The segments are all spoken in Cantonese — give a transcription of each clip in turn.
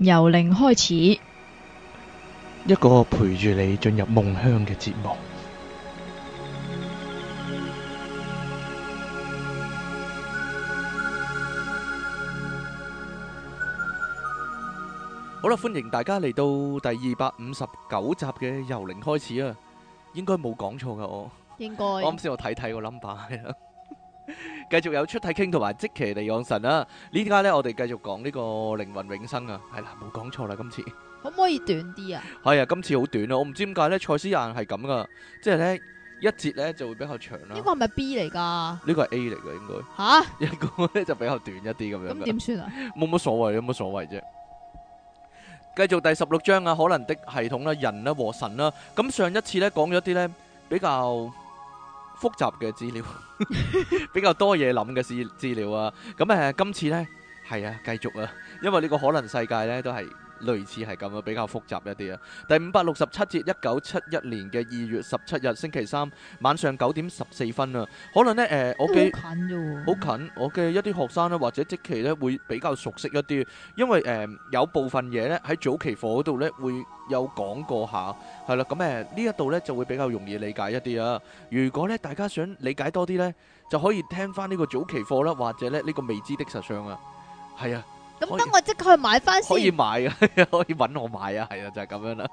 由零開始，一個陪住你進入夢鄉嘅節目。好啦，歡迎大家嚟到第二百五十九集嘅由零開始啊，應該冇講錯㗎，我應該我啱先我睇睇個 number 啊。繼續有出體傾同埋即其嚟養神啦！呢家咧我哋繼續講呢個靈魂永生啊，係啦，冇講錯啦，今次可唔可以短啲啊？係啊，今次好短啊，我唔知點解咧，賽斯啊係咁噶，即係咧一節咧就會比較長啦。呢個係咪 B 嚟噶？呢個係 A 嚟㗎應該吓，呢個咧就比較短一啲咁樣。咁點算啊？冇乜所謂，有乜所謂啫？繼續第十六章啊，可能的系統啦，人啦和神啦。咁上一次咧講咗一啲咧比較。複雜嘅資料， 比較多嘢諗嘅資料啊，咁、呃、今次呢，係啊，繼續啊，因為呢個可能世界咧都係。類似係咁啊，比較複雜一啲啊。第五百六十七節，一九七一年嘅二月十七日星期三晚上九點十四分啊。可能咧誒，我嘅好近，我嘅一啲學生咧或者即期咧會比較熟悉一啲，因為誒有部分嘢咧喺早期課嗰度咧會有講過下，係啦。咁誒呢一度咧就會比較容易理解一啲啊。如果咧大家想理解多啲咧，就可以聽翻呢個早期課啦，或者咧呢個未知的實相啊。係啊。咁等我即刻去買翻先，可以買啊，可以搵我買啊，係啊，就係咁樣啦。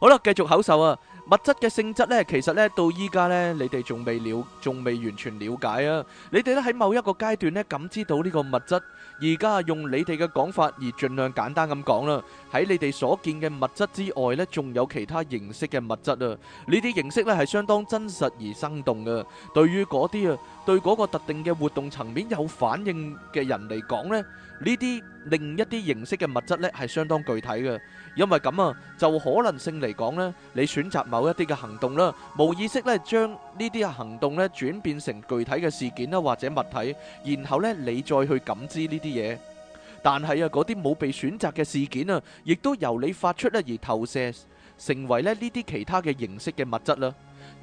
好啦，繼續口授啊。物質嘅性質咧，其實咧到依家咧，你哋仲未了，仲未完全了解啊。你哋咧喺某一個階段咧，感知到呢個物質。而家用你哋嘅講法，而盡量簡單咁講啦。喺你哋所見嘅物質之外咧，仲有其他形式嘅物質啊。呢啲形式咧係相當真實而生動嘅。對於嗰啲啊，對嗰個特定嘅活動層面有反應嘅人嚟講咧。呢啲另一啲形式嘅物質咧係相當具體嘅，因為咁啊，就可能性嚟講咧，你選擇某一啲嘅行動啦，無意識咧將呢啲行動咧轉變成具體嘅事件啦或者物體，然後咧你再去感知呢啲嘢。但係啊，嗰啲冇被選擇嘅事件啊，亦都由你發出咧而投射，成為咧呢啲其他嘅形式嘅物質啦。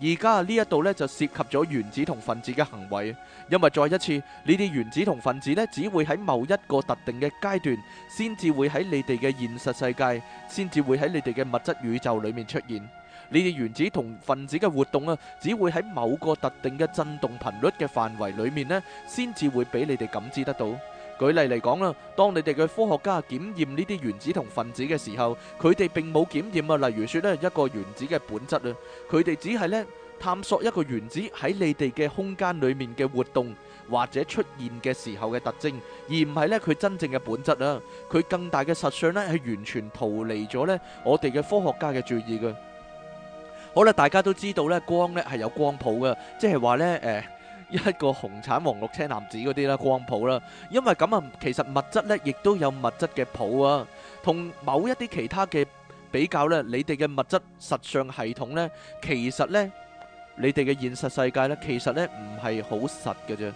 而家呢一度呢，就涉及咗原子同分子嘅行為，因為再一次，你哋原子同分子呢，只會喺某一個特定嘅階段，先至會喺你哋嘅現實世界，先至會喺你哋嘅物質宇宙裏面出現。你哋原子同分子嘅活動啊，只會喺某個特定嘅震動頻率嘅範圍裏面呢，先至會俾你哋感知得到。舉例嚟講啦，當你哋嘅科學家檢驗呢啲原子同分子嘅時候，佢哋並冇檢驗啊。例如說呢，一個原子嘅本質啊，佢哋只係呢探索一個原子喺你哋嘅空間裏面嘅活動或者出現嘅時候嘅特徵，而唔係呢佢真正嘅本質啊。佢更大嘅實相呢係完全逃離咗呢我哋嘅科學家嘅注意嘅。好啦，大家都知道呢，光呢係有光譜嘅，即係話呢誒。一個、紅、橙、黃、綠、青、藍、紫嗰啲啦，光譜啦，因為咁啊，其實物質咧，亦都有物質嘅譜啊，同某一啲其他嘅比較咧，你哋嘅物質實相系統咧，其實咧，你哋嘅現實世界咧，其實咧唔係好實嘅啫。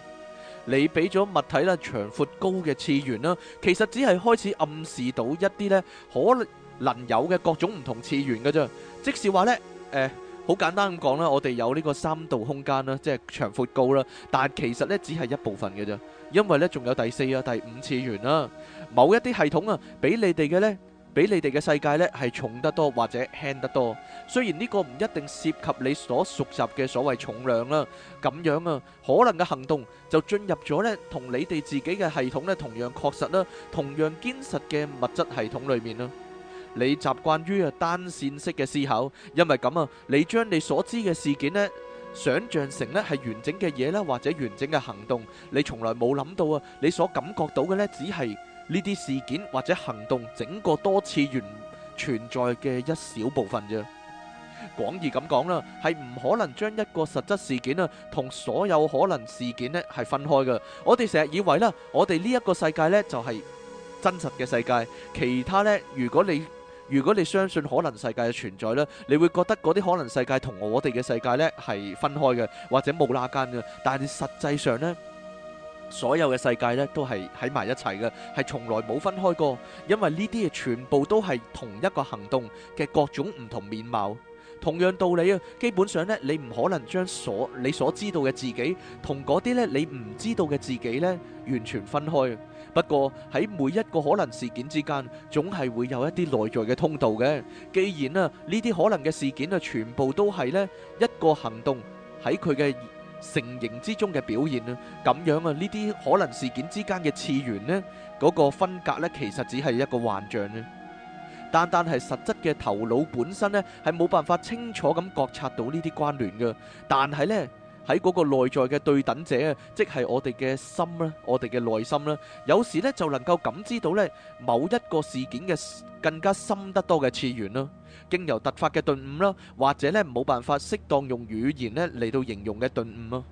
你俾咗物體啦，長闊高嘅次元啦，其實只係開始暗示到一啲咧可能有嘅各種唔同次元嘅啫。即使話咧，誒。好簡單咁講啦，我哋有呢個三度空間啦，即係長、闊、高啦。但其實呢，只係一部分嘅啫，因為呢，仲有第四啊、第五次元啦。某一啲系統啊，比你哋嘅呢，比你哋嘅世界呢，係重得多或者輕得多。雖然呢個唔一定涉及你所熟習嘅所謂重量啦，咁樣啊，可能嘅行動就進入咗呢，同你哋自己嘅系統呢，同樣確實啦，同樣堅實嘅物質系統裡面啦。你習慣於啊單線式嘅思考，因為咁啊，你將你所知嘅事件咧，想象成咧係完整嘅嘢咧，或者完整嘅行動，你從來冇諗到啊，你所感覺到嘅呢，只係呢啲事件或者行動整個多次完存在嘅一小部分啫。廣義咁講啦，係唔可能將一個實質事件啊同所有可能事件呢係分開嘅。我哋成日以為啦，我哋呢一個世界呢，就係真實嘅世界，其他呢，如果你如果你相信可能世界嘅存在咧，你會覺得嗰啲可能世界同我哋嘅世界咧係分開嘅，或者冇拉間嘅。但實際上咧，所有嘅世界咧都係喺埋一齊嘅，係從來冇分開過。因為呢啲嘢全部都係同一個行動嘅各種唔同面貌。同樣道理啊，基本上咧，你唔可能將所你所知道嘅自己同嗰啲咧你唔知道嘅自己咧完全分開。不過喺每一個可能事件之間，總係會有一啲內在嘅通道嘅。既然啊呢啲可能嘅事件啊，全部都係呢一個行動喺佢嘅成形之中嘅表現呢，咁樣啊呢啲可能事件之間嘅次元呢，嗰個分隔呢，其實只係一個幻象呢。單單係實質嘅頭腦本身呢，係冇辦法清楚咁覺察到呢啲關聯嘅。但係呢。喺嗰個內在嘅對等者啊，即係我哋嘅心咧，我哋嘅內心咧，有時咧就能夠感知到咧某一個事件嘅更加深得多嘅次元啦，經由突發嘅頓悟啦，或者咧冇辦法適當用語言咧嚟到形容嘅頓悟啊。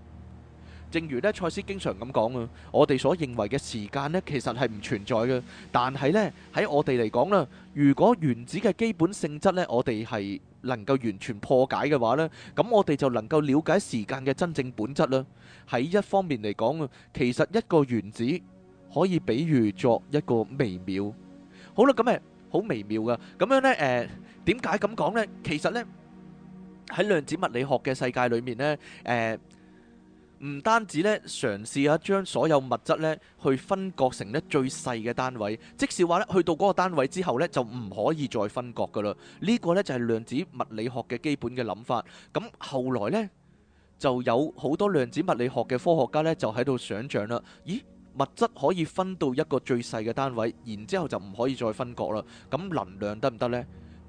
正如咧賽斯經常咁講啊，我哋所認為嘅時間咧其實係唔存在嘅，但係咧喺我哋嚟講啦，如果原子嘅基本性質咧，我哋係能夠完全破解嘅話呢，咁我哋就能夠了解時間嘅真正本質啦。喺一方面嚟講，其實一個原子可以比喻作一個微妙。好啦，咁誒，好微妙㗎。咁樣呢，誒，點解咁講呢？其實呢，喺量子物理學嘅世界裏面呢，誒。唔單止呢，嘗試下將所有物質呢去分割成呢最細嘅單位，即使話呢去到嗰個單位之後呢，就唔可以再分割㗎啦。呢個呢就係量子物理學嘅基本嘅諗法。咁後來呢，就有好多量子物理學嘅科學家呢就喺度想像啦。咦，物質可以分到一個最細嘅單位，然之後就唔可以再分割啦。咁能量得唔得呢？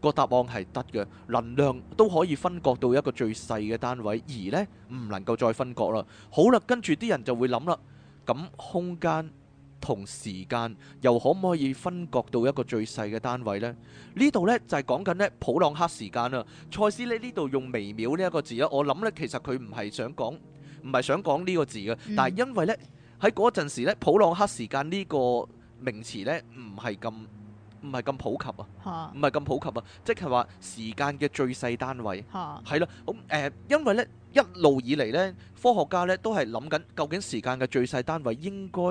個答案係得嘅，能量都可以分割到一個最細嘅單位，而咧唔能夠再分割啦。好啦，跟住啲人就會諗啦，咁空間同時間又可唔可以分割到一個最細嘅單位咧？呢度咧就係講緊咧普朗克時間啦。賽斯咧呢度用微妙呢一個字咧，我諗咧其實佢唔係想講，唔係想講呢個字嘅，但係因為咧喺嗰陣時咧普朗克時間呢個名詞咧唔係咁。唔係咁普及啊，唔係咁普及啊，即係話時間嘅最細單位，係咯，咁誒，因為咧一路以嚟咧，科學家咧都係諗緊究竟時間嘅最細單位應該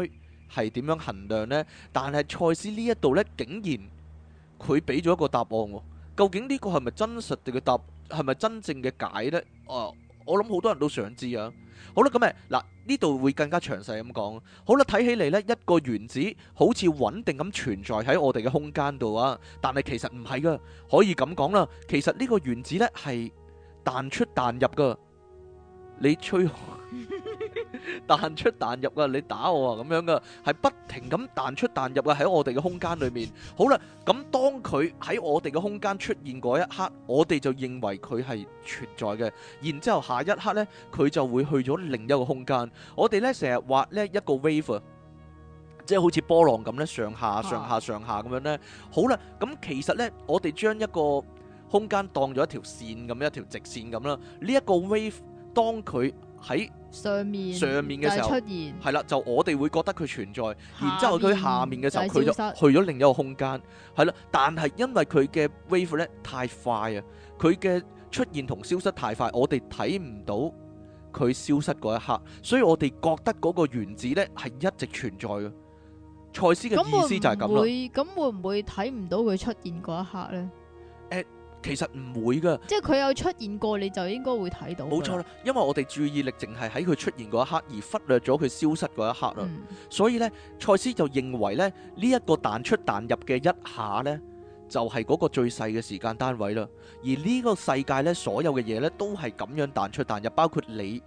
係點樣衡量咧？但係賽斯呢一度咧，竟然佢俾咗一個答案喎，究竟呢個係咪真實嘅答，係咪真正嘅解咧？哦，我諗好多人都想知啊。好啦，咁咪嗱呢度會更加詳細咁講。好啦，睇起嚟呢一個原子好似穩定咁存在喺我哋嘅空間度啊，但係其實唔係噶，可以咁講啦。其實呢個原子呢係彈出彈入噶，你吹。彈 出彈入啊，你打我啊咁樣噶，係不停咁彈出彈入啊。喺我哋嘅空間裏面。好啦，咁當佢喺我哋嘅空間出現嗰一刻，我哋就認為佢係存在嘅。然之後下一刻呢，佢就會去咗另一個空間。我哋呢，成日畫呢一個 wave，啊，即係好似波浪咁呢，上下、上下、上下咁樣呢。啊、好啦，咁其實呢，我哋將一個空間當咗一條線咁，一條直線咁啦。呢、這、一個 wave，當佢喺上面上面嘅時候出現係啦，就我哋會覺得佢存在，然之後佢下面嘅時候佢就，就去咗另一個空間，係啦。但係因為佢嘅 wave 咧太快啊，佢嘅出現同消失太快，我哋睇唔到佢消失嗰一刻，所以我哋覺得嗰個原子咧係一直存在嘅。賽斯嘅意思會會就係咁啦。咁會唔會睇唔到佢出現嗰一刻咧？誒、欸。其實唔會噶，即係佢有出現過，你就應該會睇到。冇錯啦，因為我哋注意力淨係喺佢出現嗰一刻，而忽略咗佢消失嗰一刻啦。嗯、所以呢，賽斯就認為呢，呢、呢、一個彈出彈入嘅一下呢，就係、係、嗰個最細嘅時間單位啦。而呢個世界呢，所有嘅嘢呢，都係咁樣彈出彈入，包括你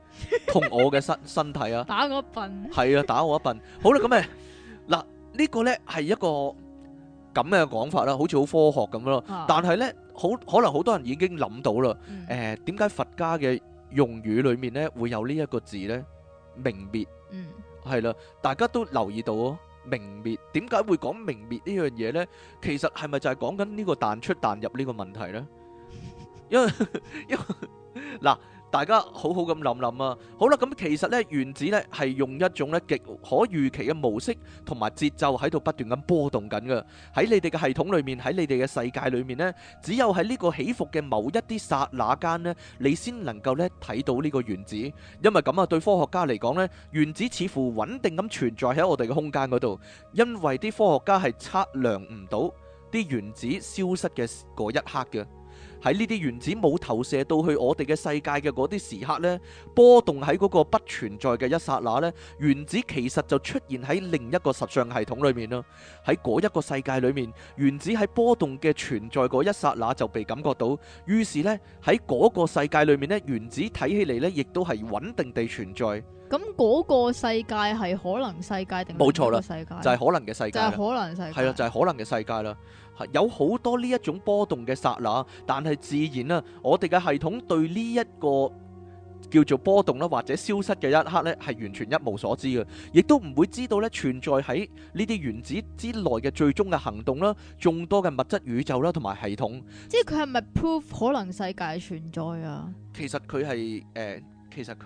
同我嘅身 身體啊。打我一笨？係啊，打我一笨 好。好啦，咁咪嗱呢個呢，係一個咁嘅講法啦，好似好科學咁咯。但係呢。好可能好多人已經諗到啦，誒，點解佛家嘅用語裏面咧會有呢一個字咧？明滅，係啦、嗯，大家都留意到哦。明滅，點解會講明滅呢樣嘢咧？其實係咪就係講緊呢個彈出彈入呢個問題咧？ 因為因為嗱。因為大家好好咁諗諗啊！好啦，咁其實咧，原子咧係用一種咧極可預期嘅模式同埋節奏喺度不斷咁波動緊嘅。喺你哋嘅系統裏面，喺你哋嘅世界裏面呢，只有喺呢個起伏嘅某一啲剎那間呢，你先能夠咧睇到呢個原子。因為咁啊，對科學家嚟講呢，原子似乎穩定咁存在喺我哋嘅空間嗰度，因為啲科學家係測量唔到啲原子消失嘅嗰一刻嘅。喺呢啲原子冇投射到去我哋嘅世界嘅嗰啲時刻咧，波動喺嗰個不存在嘅一剎那咧，原子其實就出現喺另一個實相系統裏面咯。喺嗰一個世界裏面，原子喺波動嘅存在嗰一剎那就被感覺到，於是咧喺嗰個世界裏面咧，原子睇起嚟咧，亦都係穩定地存在。咁嗰個世界係可能世界定冇錯啦，世界就係可能嘅世界，就係可能世界，係啦，就係可能嘅世界啦。有好多呢一種波動嘅剎那，但係自然啦，我哋嘅系統對呢一個叫做波動啦，或者消失嘅一刻呢，係完全一無所知嘅，亦都唔會知道呢存在喺呢啲原子之內嘅最終嘅行動啦，眾多嘅物質宇宙啦，同埋系統。即係佢係咪 prove 可能世界存在啊？其實佢係誒，其實佢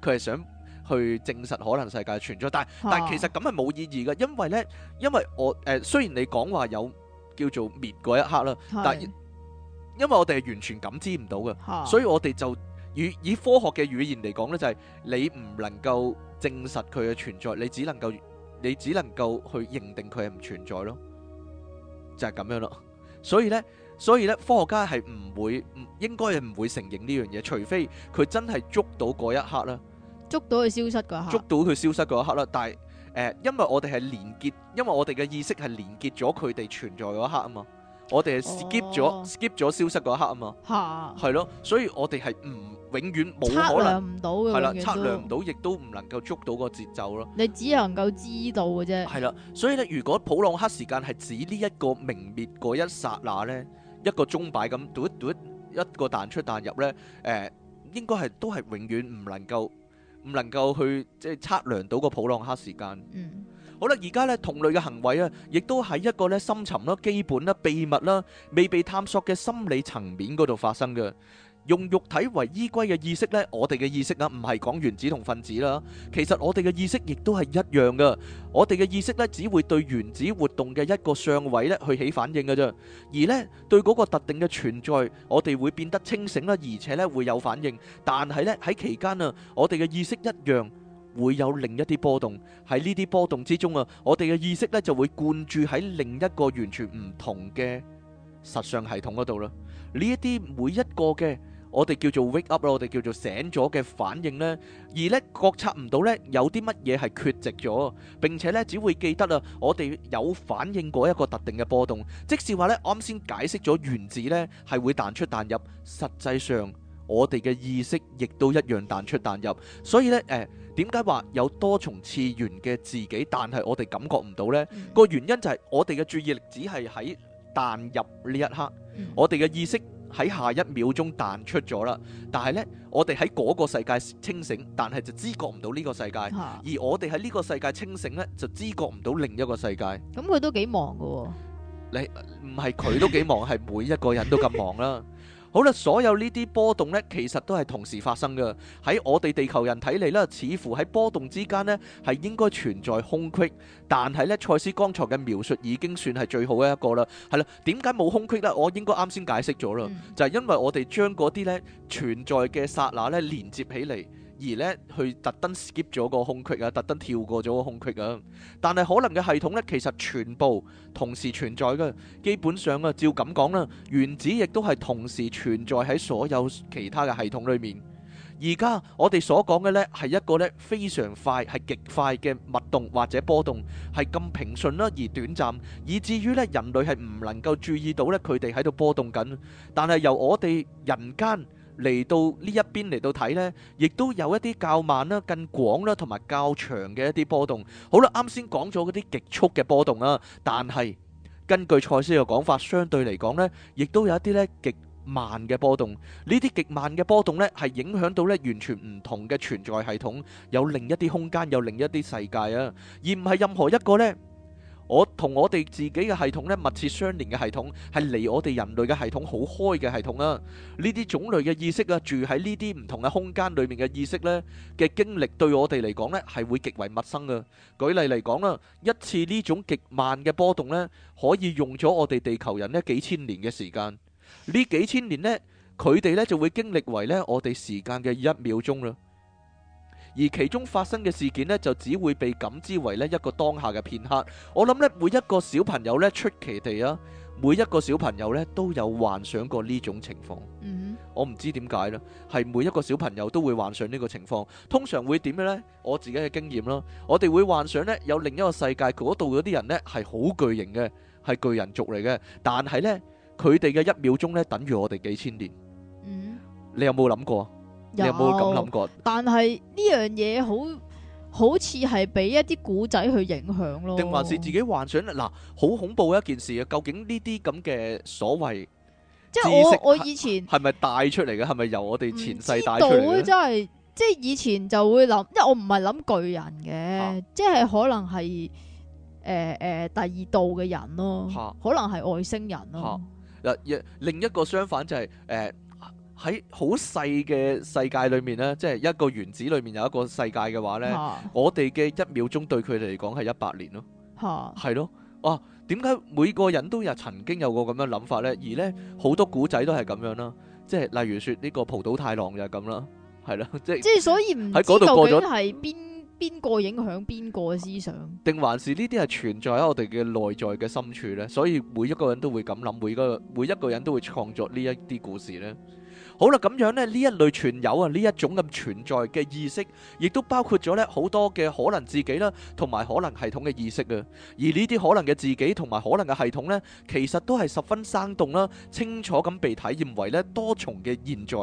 佢係想去證實可能世界存在，但係、啊、但係其實咁係冇意義嘅，因為咧，因為我誒、呃、雖然你講話有。叫做滅嗰一刻啦，但因為我哋係完全感知唔到嘅，所以我哋就以以科學嘅語言嚟講咧，就係你唔能夠證實佢嘅存在，你只能夠你只能夠去認定佢係唔存在咯，就係咁樣咯。所以咧，所以咧，科學家係唔會，應該係唔會承認呢樣嘢，除非佢真係捉到嗰一刻啦，捉到佢消失嗰一刻，捉到佢消失嗰一刻啦，但係。誒，因為我哋係連結，因為我哋嘅意識係連結咗佢哋存在嗰一刻啊嘛，我哋係 sk、哦、skip 咗 skip 咗消失嗰一刻啊嘛，係咯、啊，所以我哋係唔永遠冇可能，測量唔到嘅，係啦，測量唔到，亦都唔能夠捉到個節奏咯。你只能夠知道嘅啫。係啦，所以咧，如果普朗克時間係指呢一個明滅嗰一剎那咧，一個鐘擺咁踱，一個彈出彈入咧，誒、呃，應該係都係永遠唔能夠。唔能夠去即係測量到個普朗克時間。嗯，好啦，而家咧同類嘅行為啊，亦都喺一個咧深沉啦、啊、基本啦、啊、秘密啦、啊、未被探索嘅心理層面嗰度發生嘅。用肉體為依歸嘅意識呢，我哋嘅意識啊，唔係講原子同分子啦，其實我哋嘅意識亦都係一樣噶。我哋嘅意識呢，只會對原子活動嘅一個相位呢去起反應㗎啫。而呢對嗰個特定嘅存在，我哋會變得清醒啦，而且呢會有反應。但係呢喺期間啊，我哋嘅意識一樣會有另一啲波動。喺呢啲波動之中啊，我哋嘅意識呢就會灌注喺另一個完全唔同嘅實相系統嗰度啦。呢一啲每一個嘅。我哋叫做 wake up，我哋叫做醒咗嘅反應呢。而呢，覺察唔到呢，有啲乜嘢係缺席咗，並且呢，只會記得啊，我哋有反應過一個特定嘅波動。即使話呢，啱先解釋咗原子呢係會彈出彈入，實際上我哋嘅意識亦都一樣彈出彈入。所以呢，誒點解話有多重次元嘅自己，但係我哋感覺唔到呢？個、嗯、原因就係我哋嘅注意力只係喺彈入呢一刻，嗯、我哋嘅意識。喺下一秒鐘彈出咗啦，但係呢，我哋喺嗰個世界清醒，但係就知覺唔到呢個世界；而我哋喺呢個世界清醒呢就知覺唔到另一個世界。咁佢、啊、都幾忙噶，哦？你唔係，佢都幾忙，係 每一個人都咁忙啦。 好啦，所有呢啲波動呢，其實都係同時發生嘅。喺我哋地球人睇嚟呢，似乎喺波動之間呢，係應該存在空隙。但係呢，賽斯剛才嘅描述已經算係最好嘅一個啦。係啦，點解冇空隙呢？我應該啱先解釋咗啦，嗯、就係因為我哋將嗰啲呢存在嘅剎那呢連接起嚟。而呢，佢特登 skip 咗個空隙啊，特登跳過咗個空隙啊。但係可能嘅系統呢，其實全部同時存在嘅。基本上啊，照咁講啦，原子亦都係同時存在喺所有其他嘅系統裏面。而家我哋所講嘅呢，係一個呢非常快，係極快嘅脈動或者波動，係咁平順啦，而短暫，以至於呢人類係唔能夠注意到呢佢哋喺度波動緊。但係由我哋人間。嚟到呢一邊嚟到睇呢，亦都有一啲較慢啦、更廣啦，同埋較長嘅一啲波動。好啦，啱先講咗嗰啲極速嘅波動啦，但係根據賽斯嘅講法，相對嚟講呢，亦都有一啲呢極慢嘅波動。呢啲極慢嘅波動呢，係影響到呢完全唔同嘅存在系統，有另一啲空間，有另一啲世界啊，而唔係任何一個呢。我同我哋自己嘅系統咧，密切相連嘅系統，係離我哋人類嘅系統好開嘅系統啊！呢啲種類嘅意識啊，住喺呢啲唔同嘅空間裏面嘅意識咧，嘅經歷，對我哋嚟講咧，係會極為陌生嘅。舉例嚟講啦，一次呢種極慢嘅波動咧，可以用咗我哋地球人咧幾千年嘅時間，呢幾千年咧佢哋咧就會經歷為咧我哋時間嘅一秒鐘啦。而其中發生嘅事件呢，就只會被感知為呢一個當下嘅片刻。我諗呢，每一個小朋友呢，出奇地啊，每一個小朋友呢，都有幻想過呢種情況。嗯、mm，hmm. 我唔知點解呢，係每一個小朋友都會幻想呢個情況。通常會點嘅呢？我自己嘅經驗咯，我哋會幻想呢，有另一個世界，嗰度嗰啲人呢，係好巨型嘅，係巨人族嚟嘅。但係呢，佢哋嘅一秒鐘呢，等於我哋幾千年。嗯、mm，hmm. 你有冇諗過？有冇咁諗過，但係呢樣嘢好好似係俾一啲古仔去影響咯，定還是自己幻想？嗱，好恐怖一件事啊！究竟呢啲咁嘅所謂……即係我我以前係咪帶出嚟嘅？係咪由我哋前世帶出嚟嘅？真係，即係以前就會諗，因為我唔係諗巨人嘅，啊、即係可能係誒誒第二度嘅人咯，可能係外星人咯。嗱、啊，另、啊、另一個相反就係、是、誒。呃喺好細嘅世界裏面咧，即係一個原子裏面有一個世界嘅話咧，我哋嘅一秒鐘對佢哋嚟講係一百年咯，係咯，哇！點解每個人都有曾經有個咁樣諗法咧？而咧好多古仔都係咁樣啦，即係例如說呢個浦島太郎就係咁啦，係咯，即係即係所以唔喺嗰度過咗，係邊邊個影響邊個嘅思想？定還是呢啲係存在喺我哋嘅內在嘅深處咧？所以每一個人都會咁諗，每個每一個人都會創作呢一啲故事咧。好啦，咁樣咧，呢一類存有啊，呢一種咁存在嘅意識，亦都包括咗咧好多嘅可能自己啦，同埋可能系統嘅意識啊。而呢啲可能嘅自己同埋可能嘅系統咧，其實都係十分生動啦，清楚咁被體驗為咧多重嘅現在。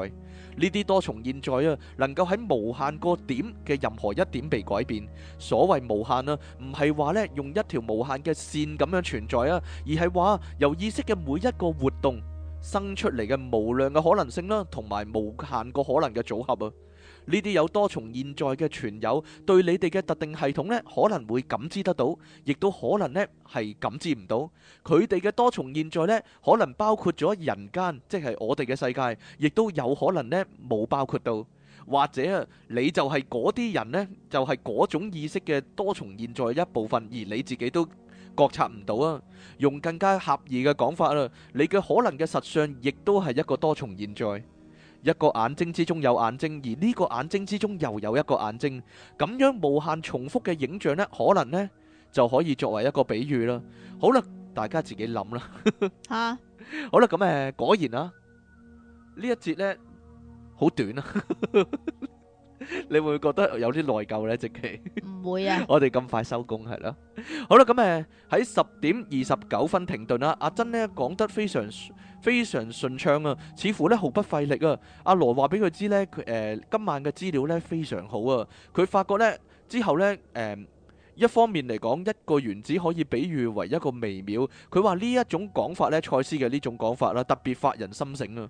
呢啲多重現在啊，能夠喺無限個點嘅任何一點被改變。所謂無限啊，唔係話咧用一條無限嘅線咁樣存在啊，而係話由意識嘅每一個活動。生出嚟嘅無量嘅可能性啦，同埋無限個可能嘅組合啊！呢啲有多重現在嘅存有，對你哋嘅特定系統呢，可能會感知得到，亦都可能呢係感知唔到。佢哋嘅多重現在呢，可能包括咗人間，即係我哋嘅世界，亦都有可能呢冇包括到，或者啊，你就係嗰啲人呢，就係嗰種意識嘅多重現在一部分，而你自己都。覺察唔到啊，用更加狹義嘅講法啦，你嘅可能嘅實相，亦都係一個多重現在，一個眼睛之中有眼睛，而呢個眼睛之中又有一個眼睛，咁樣無限重複嘅影像咧，可能咧就可以作為一個比喻啦。好啦，大家自己諗啦。吓，好啦，咁誒，果然啊，呢一節咧好短啊。 你會，會覺得有啲內疚呢，即期唔會啊！ 我哋咁快收工係咯， 好啦，咁誒喺十點二十九分停頓啦。阿珍呢講得非常非常順暢啊，似乎呢毫不費力啊。阿羅話俾佢知呢，佢誒今晚嘅資料呢非常好啊。佢發覺呢之後呢，誒、呃、一方面嚟講，一個原子可以比喻為一個微妙。佢話呢一種講法呢，賽斯嘅呢種講法啦，特別發人深省啊。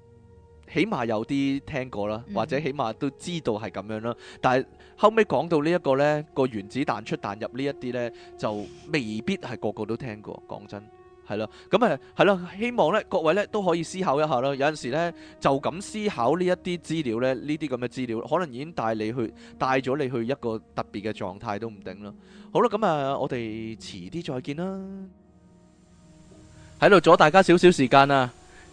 起碼有啲聽過啦，或者起碼都知道係咁樣啦。但係後尾講到呢一個呢個原子彈出彈入呢一啲呢，就未必係個個都聽過。講真係咯，咁啊係咯，希望呢各位呢都可以思考一下啦。有陣時呢，就咁思考呢一啲資料呢，呢啲咁嘅資料，可能已經帶你去帶咗你去一個特別嘅狀態都唔定啦。好啦，咁啊，我哋遲啲再見啦。喺度阻大家少少時間啦。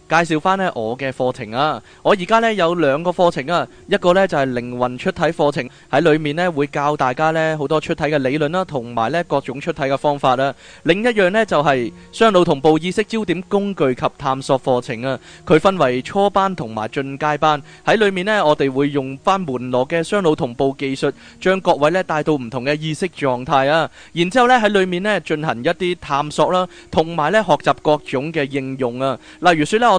介紹翻呢我嘅課程啊！我而家呢有兩個課程啊，一個呢就係靈魂出體課程，喺裏面呢會教大家呢好多出體嘅理論啦，同埋呢各種出體嘅方法啦。另一樣呢就係雙腦同步意識焦點工具及探索課程啊。佢分為初班同埋進階班，喺裏面呢我哋會用翻門羅嘅雙腦同步技術，將各位呢帶到唔同嘅意識狀態啊。然之後呢喺裏面呢進行一啲探索啦，同埋呢學習各種嘅應用啊。例如説呢我。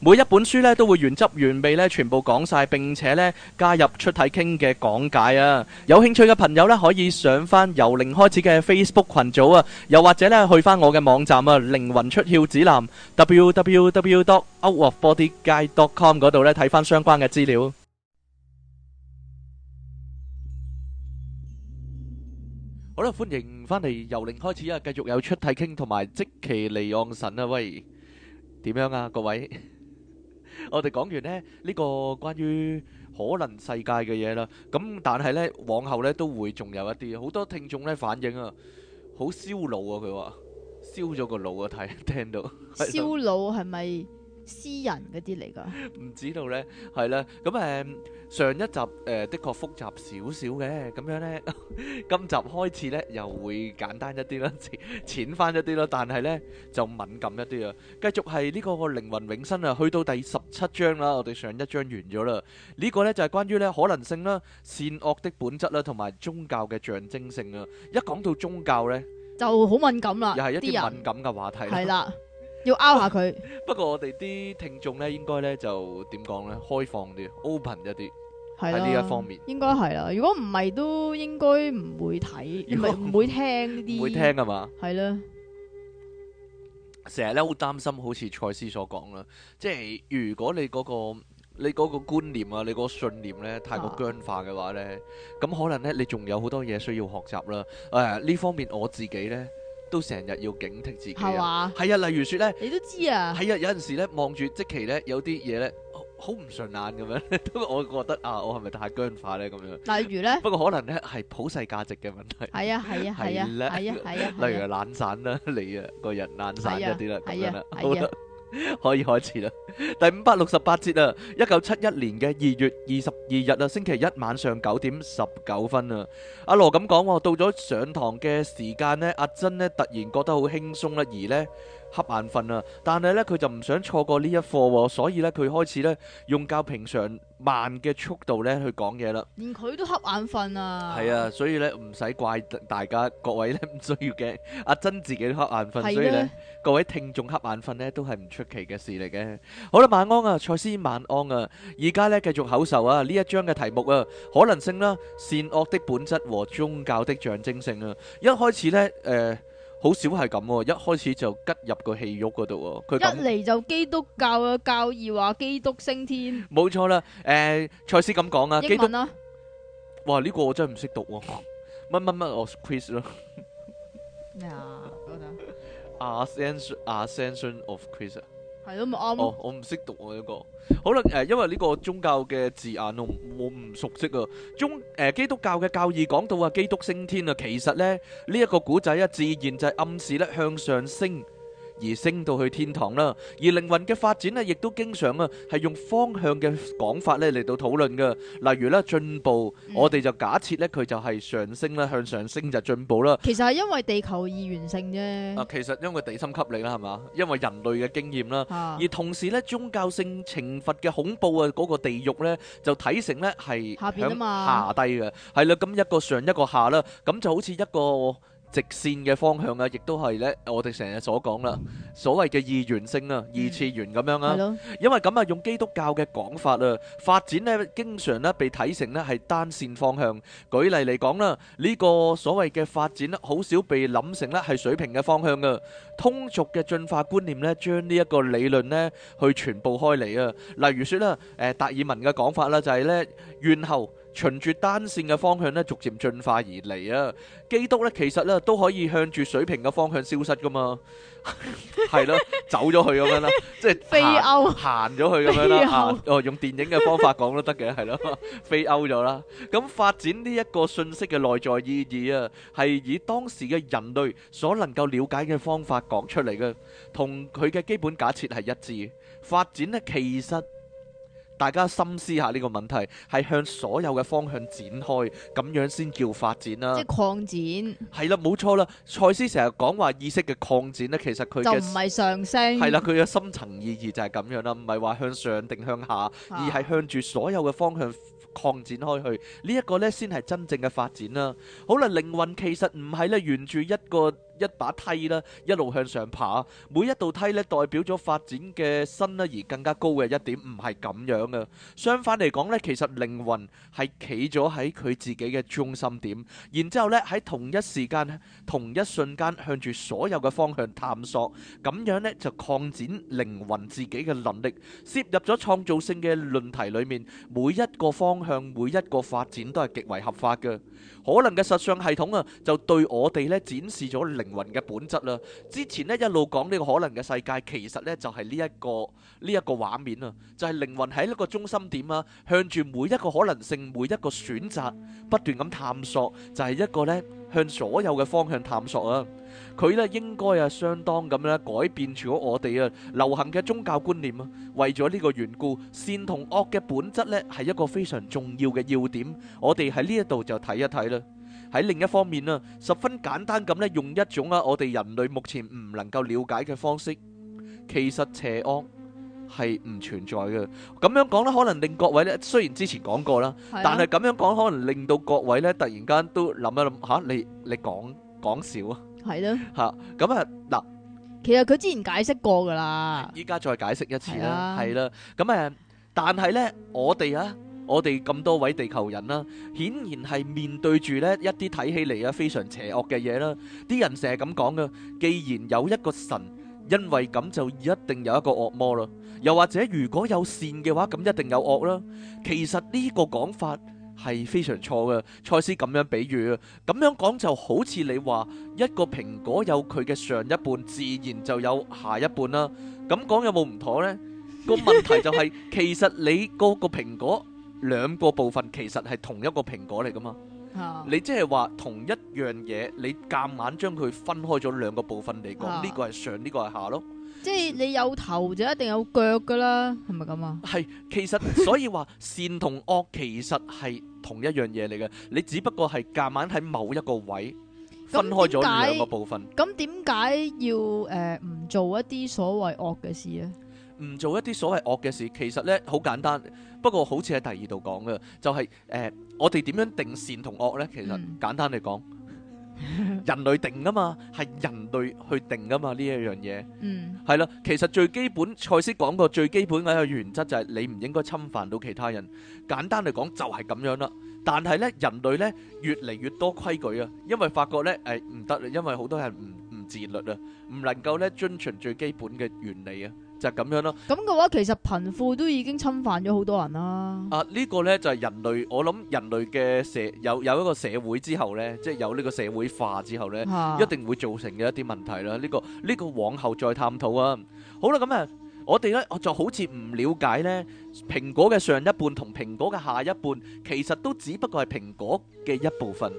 每一本書咧都會原汁原味咧全部講晒，並且咧加入出體傾嘅講解啊！有興趣嘅朋友咧可以上翻由零開始嘅 Facebook 群組啊，又或者咧去翻我嘅網站啊靈魂出竅指南 www.outofbodyguide.com 嗰度咧睇翻相關嘅資料。好啦，歡迎翻嚟由零開始啊！繼續有出體傾同埋即期離岸神啊！喂，點樣啊？各位？我哋講完咧呢個關於可能世界嘅嘢啦，咁但係呢，往後呢都會仲有一啲。好多聽眾呢反映啊，好燒腦啊佢話，燒咗個腦啊睇聽到，燒腦係咪？是私人嗰啲嚟㗎？唔知道咧，係啦。咁、嗯、誒，上一集誒、呃，的確複雜少少嘅。咁樣咧，今集開始咧，又會簡單一啲啦，淺淺翻一啲啦。但係咧，就敏感一啲啊。繼續係呢、呢個個靈魂永生啊，去到第十七章啦。我哋上一章完咗啦。呢個、呢個咧就係、係、關於咧可能性啦、善惡的本質啦，同埋宗教嘅象徵性啊。一講到宗教咧，就好敏感啦，又係一啲敏感嘅話題。係啦。要拗下佢。不過我哋啲聽眾咧，應該咧就點講咧？開放啲，open 一啲，喺呢一方面應該係啦。如果唔係，都應該唔會睇，唔會聽呢啲。唔會聽㗎嘛？係啦。成日咧好擔心，好似賽斯所講啦，即係如果你嗰個你嗰個觀念啊，你個信念咧太過僵化嘅話咧，咁可能咧你仲有好多嘢需要學習啦。誒呢方面我自己咧。都成日要警惕自己啊！係啊，例如説咧，你都知啊，係啊，有陣時咧望住即期咧有啲嘢咧好唔順眼咁樣，不過我覺得啊，我係咪太僵化咧咁樣？例如咧，不過可能咧係普世價值嘅問題。係啊，係啊，係啊，係啊，係啊，例如懶散啦，你啊個人懶散一啲啦，咁樣啦，好啦，可以開始啦。第五百六十八節啊，一九七一年嘅二月二十二日啊，星期一晚上九點十九分啊，阿羅咁講，到咗上堂嘅時間咧，阿珍咧突然覺得好輕鬆啦，而咧瞌眼瞓啦，但係咧佢就唔想錯過呢一課，所以咧佢開始咧用較平常慢嘅速度咧去講嘢啦。連佢都瞌眼瞓啊？係啊，所以咧唔使怪大家各位咧唔需要嘅，阿珍自己都瞌眼瞓，所以咧各位聽眾瞌眼瞓咧都係唔出奇嘅事嚟嘅。好啦，晚安啊，蔡司晚安啊！而家咧繼續口授啊，呢一章嘅題目啊，可能性啦，善惡的本質和宗教的象徵性啊！一開始咧，誒、呃，好少係咁、啊，一開始就吉入個戲肉嗰度啊！佢一嚟就基督教嘅教義話基督升天，冇錯啦。誒、呃，蔡司咁講啊，基英文啊？哇，呢、這個我真係唔識讀、啊，乜乜乜 of Christ 咯，呀，好啦，Ascension of Christ 係咯，啱、哦、我唔識讀啊，呢、呢個好啦，誒、呃，因為呢個宗教嘅字眼我，我唔熟悉啊。宗誒、呃、基督教嘅教義講到啊，基督升天啊，其實咧呢一、呢個古仔啊，自然就係暗示咧向上升。而升到去天堂啦，而靈魂嘅發展咧，亦都經常啊係用方向嘅講法咧嚟到討論噶。例如咧進步，我哋就假設咧佢就係上升啦，向上升就進步啦。其實係因為地球二元性啫。啊，其實因為地心吸力啦，係嘛？因為人類嘅經驗啦。而同時咧，宗教性懲罰嘅恐怖啊，嗰個地獄咧就睇成咧係響下邊嘅嘛，下低嘅，係啦。咁一個上一個下啦，咁就好似一個。直線嘅方向啊，亦都係咧，我哋成日所講啦，所謂嘅二元性啊，二次元咁樣啊，因為咁啊，用基督教嘅講法啊，發展咧經常咧被睇成咧係單線方向。舉例嚟講啦，呢個所謂嘅發展咧，好少被諗成咧係水平嘅方向噶。通俗嘅進化觀念咧，將呢一個理論咧去傳播開嚟啊。例如說啦，誒達爾文嘅講法啦，就係咧猿猴。循住單線嘅方向咧，逐漸進化而嚟啊！基督咧，其實咧都可以向住水平嘅方向消失㗎嘛，係咯，走咗去咁樣啦，即係飛歐行咗去咁樣啦啊！哦，用電影嘅方法講都得嘅，係咯，飛歐咗啦。咁發展呢一個信息嘅內在意義啊，係以當時嘅人類所能夠了解嘅方法講出嚟嘅，同佢嘅基本假設係一致。發展咧其實。大家深思下呢個問題，係向所有嘅方向展開，咁樣先叫發展啦。即係擴展。係啦，冇錯啦。賽斯成日講話意識嘅擴展呢，其實佢就唔係上升。係啦，佢嘅深層意義就係咁樣啦，唔係話向上定向下，而係向住所有嘅方向擴展開去。呢一個呢，先係真正嘅發展啦。好啦，靈魂其實唔係咧，沿住一個，一把梯啦，一路向上爬，每一道梯咧代表咗發展嘅新啦，而更加高嘅一點，唔係咁樣噶。相反嚟講咧，其實靈魂係企咗喺佢自己嘅中心點，然之後咧喺同一時間、同一瞬間向住所有嘅方向探索，咁樣咧就擴展靈魂自己嘅能力，攝入咗創造性嘅論題裏面，每一個方向、每一個發展都係極為合法嘅。可能嘅實相系統啊，就對我哋咧展示咗靈。靈魂嘅本質啦，之前咧一路講呢個可能嘅世界，其實咧就係呢一個呢一個畫面啊，就係靈魂喺一個中心點啊，向住每一個可能性、每一個選擇不斷咁探索，就係一個咧向所有嘅方向探索啊。佢咧應該啊相當咁咧改變住我哋啊流行嘅宗教觀念啊。為咗呢個緣故，善同惡嘅本質咧係一個非常重要嘅要點。我哋喺呢一度就睇一睇啦。喺另一方面啊，十分簡單咁咧，用一種啊，我哋人類目前唔能夠了解嘅方式，其實邪惡係唔存在嘅。咁樣講咧，可能令各位咧，雖然之前講過啦，但係咁樣講，可能令到各位咧，突然間都諗一諗，吓你你講講笑啊？係咯，吓咁啊嗱，其實佢之前解釋過噶啦，依家再解釋一次啦，係啦，咁誒，但係咧，我哋啊。我哋咁多位地球人啦，顯然係面對住呢一啲睇起嚟啊非常邪惡嘅嘢啦。啲人成日咁講嘅，既然有一個神，因為咁就一定有一個惡魔啦。又或者如果有善嘅話，咁一定有惡啦。其實呢個講法係非常錯嘅。賽斯咁樣比喻啊，咁樣講就好似你話一個蘋果有佢嘅上一半，自然就有下一半啦。咁講有冇唔妥呢？個問題就係其實你嗰個蘋果。兩個部分其實係同一個蘋果嚟噶嘛？啊、你即係話同一樣嘢，你夾硬將佢分開咗兩個部分嚟講，呢、啊、個係上，呢、個係下咯。即係你有頭就一定有腳噶啦，係咪咁啊？係， 其實所以話善同惡其實係同一樣嘢嚟嘅，你只不過係夾硬喺某一個位分開咗兩個部分，啊嗯。咁點解要誒唔、呃、做一啲所謂惡嘅事呢？唔做一啲所謂惡嘅事，其實咧，好簡單。不過好似喺第二度講嘅，就係誒我哋點樣定善同惡咧？其實簡單嚟講，人類定㗎嘛，係人類去定㗎嘛呢一樣嘢。係啦，其實最基本賽斯講過，最基本嘅一個原則就係你唔應該侵犯到其他人。簡單嚟講就係咁樣啦。但係咧，人類咧越嚟越多規矩啊，因為發覺咧誒唔得啦，因為好多人唔唔自律啊，唔能夠咧遵循最基本嘅原理啊。就咁樣咯，啊，咁嘅話其實貧富都已經侵犯咗好多人啦。啊，呢、這個呢，就係、是、人類，我諗人類嘅社有有一個社會之後呢，即、就、係、是、有呢個社會化之後呢，啊、一定會造成嘅一啲問題啦。呢、這個呢、這個往後再探討啊。好啦，咁啊，我哋呢，就好似唔了解呢，蘋果嘅上一半同蘋果嘅下一半，其實都只不過係蘋果嘅一部分。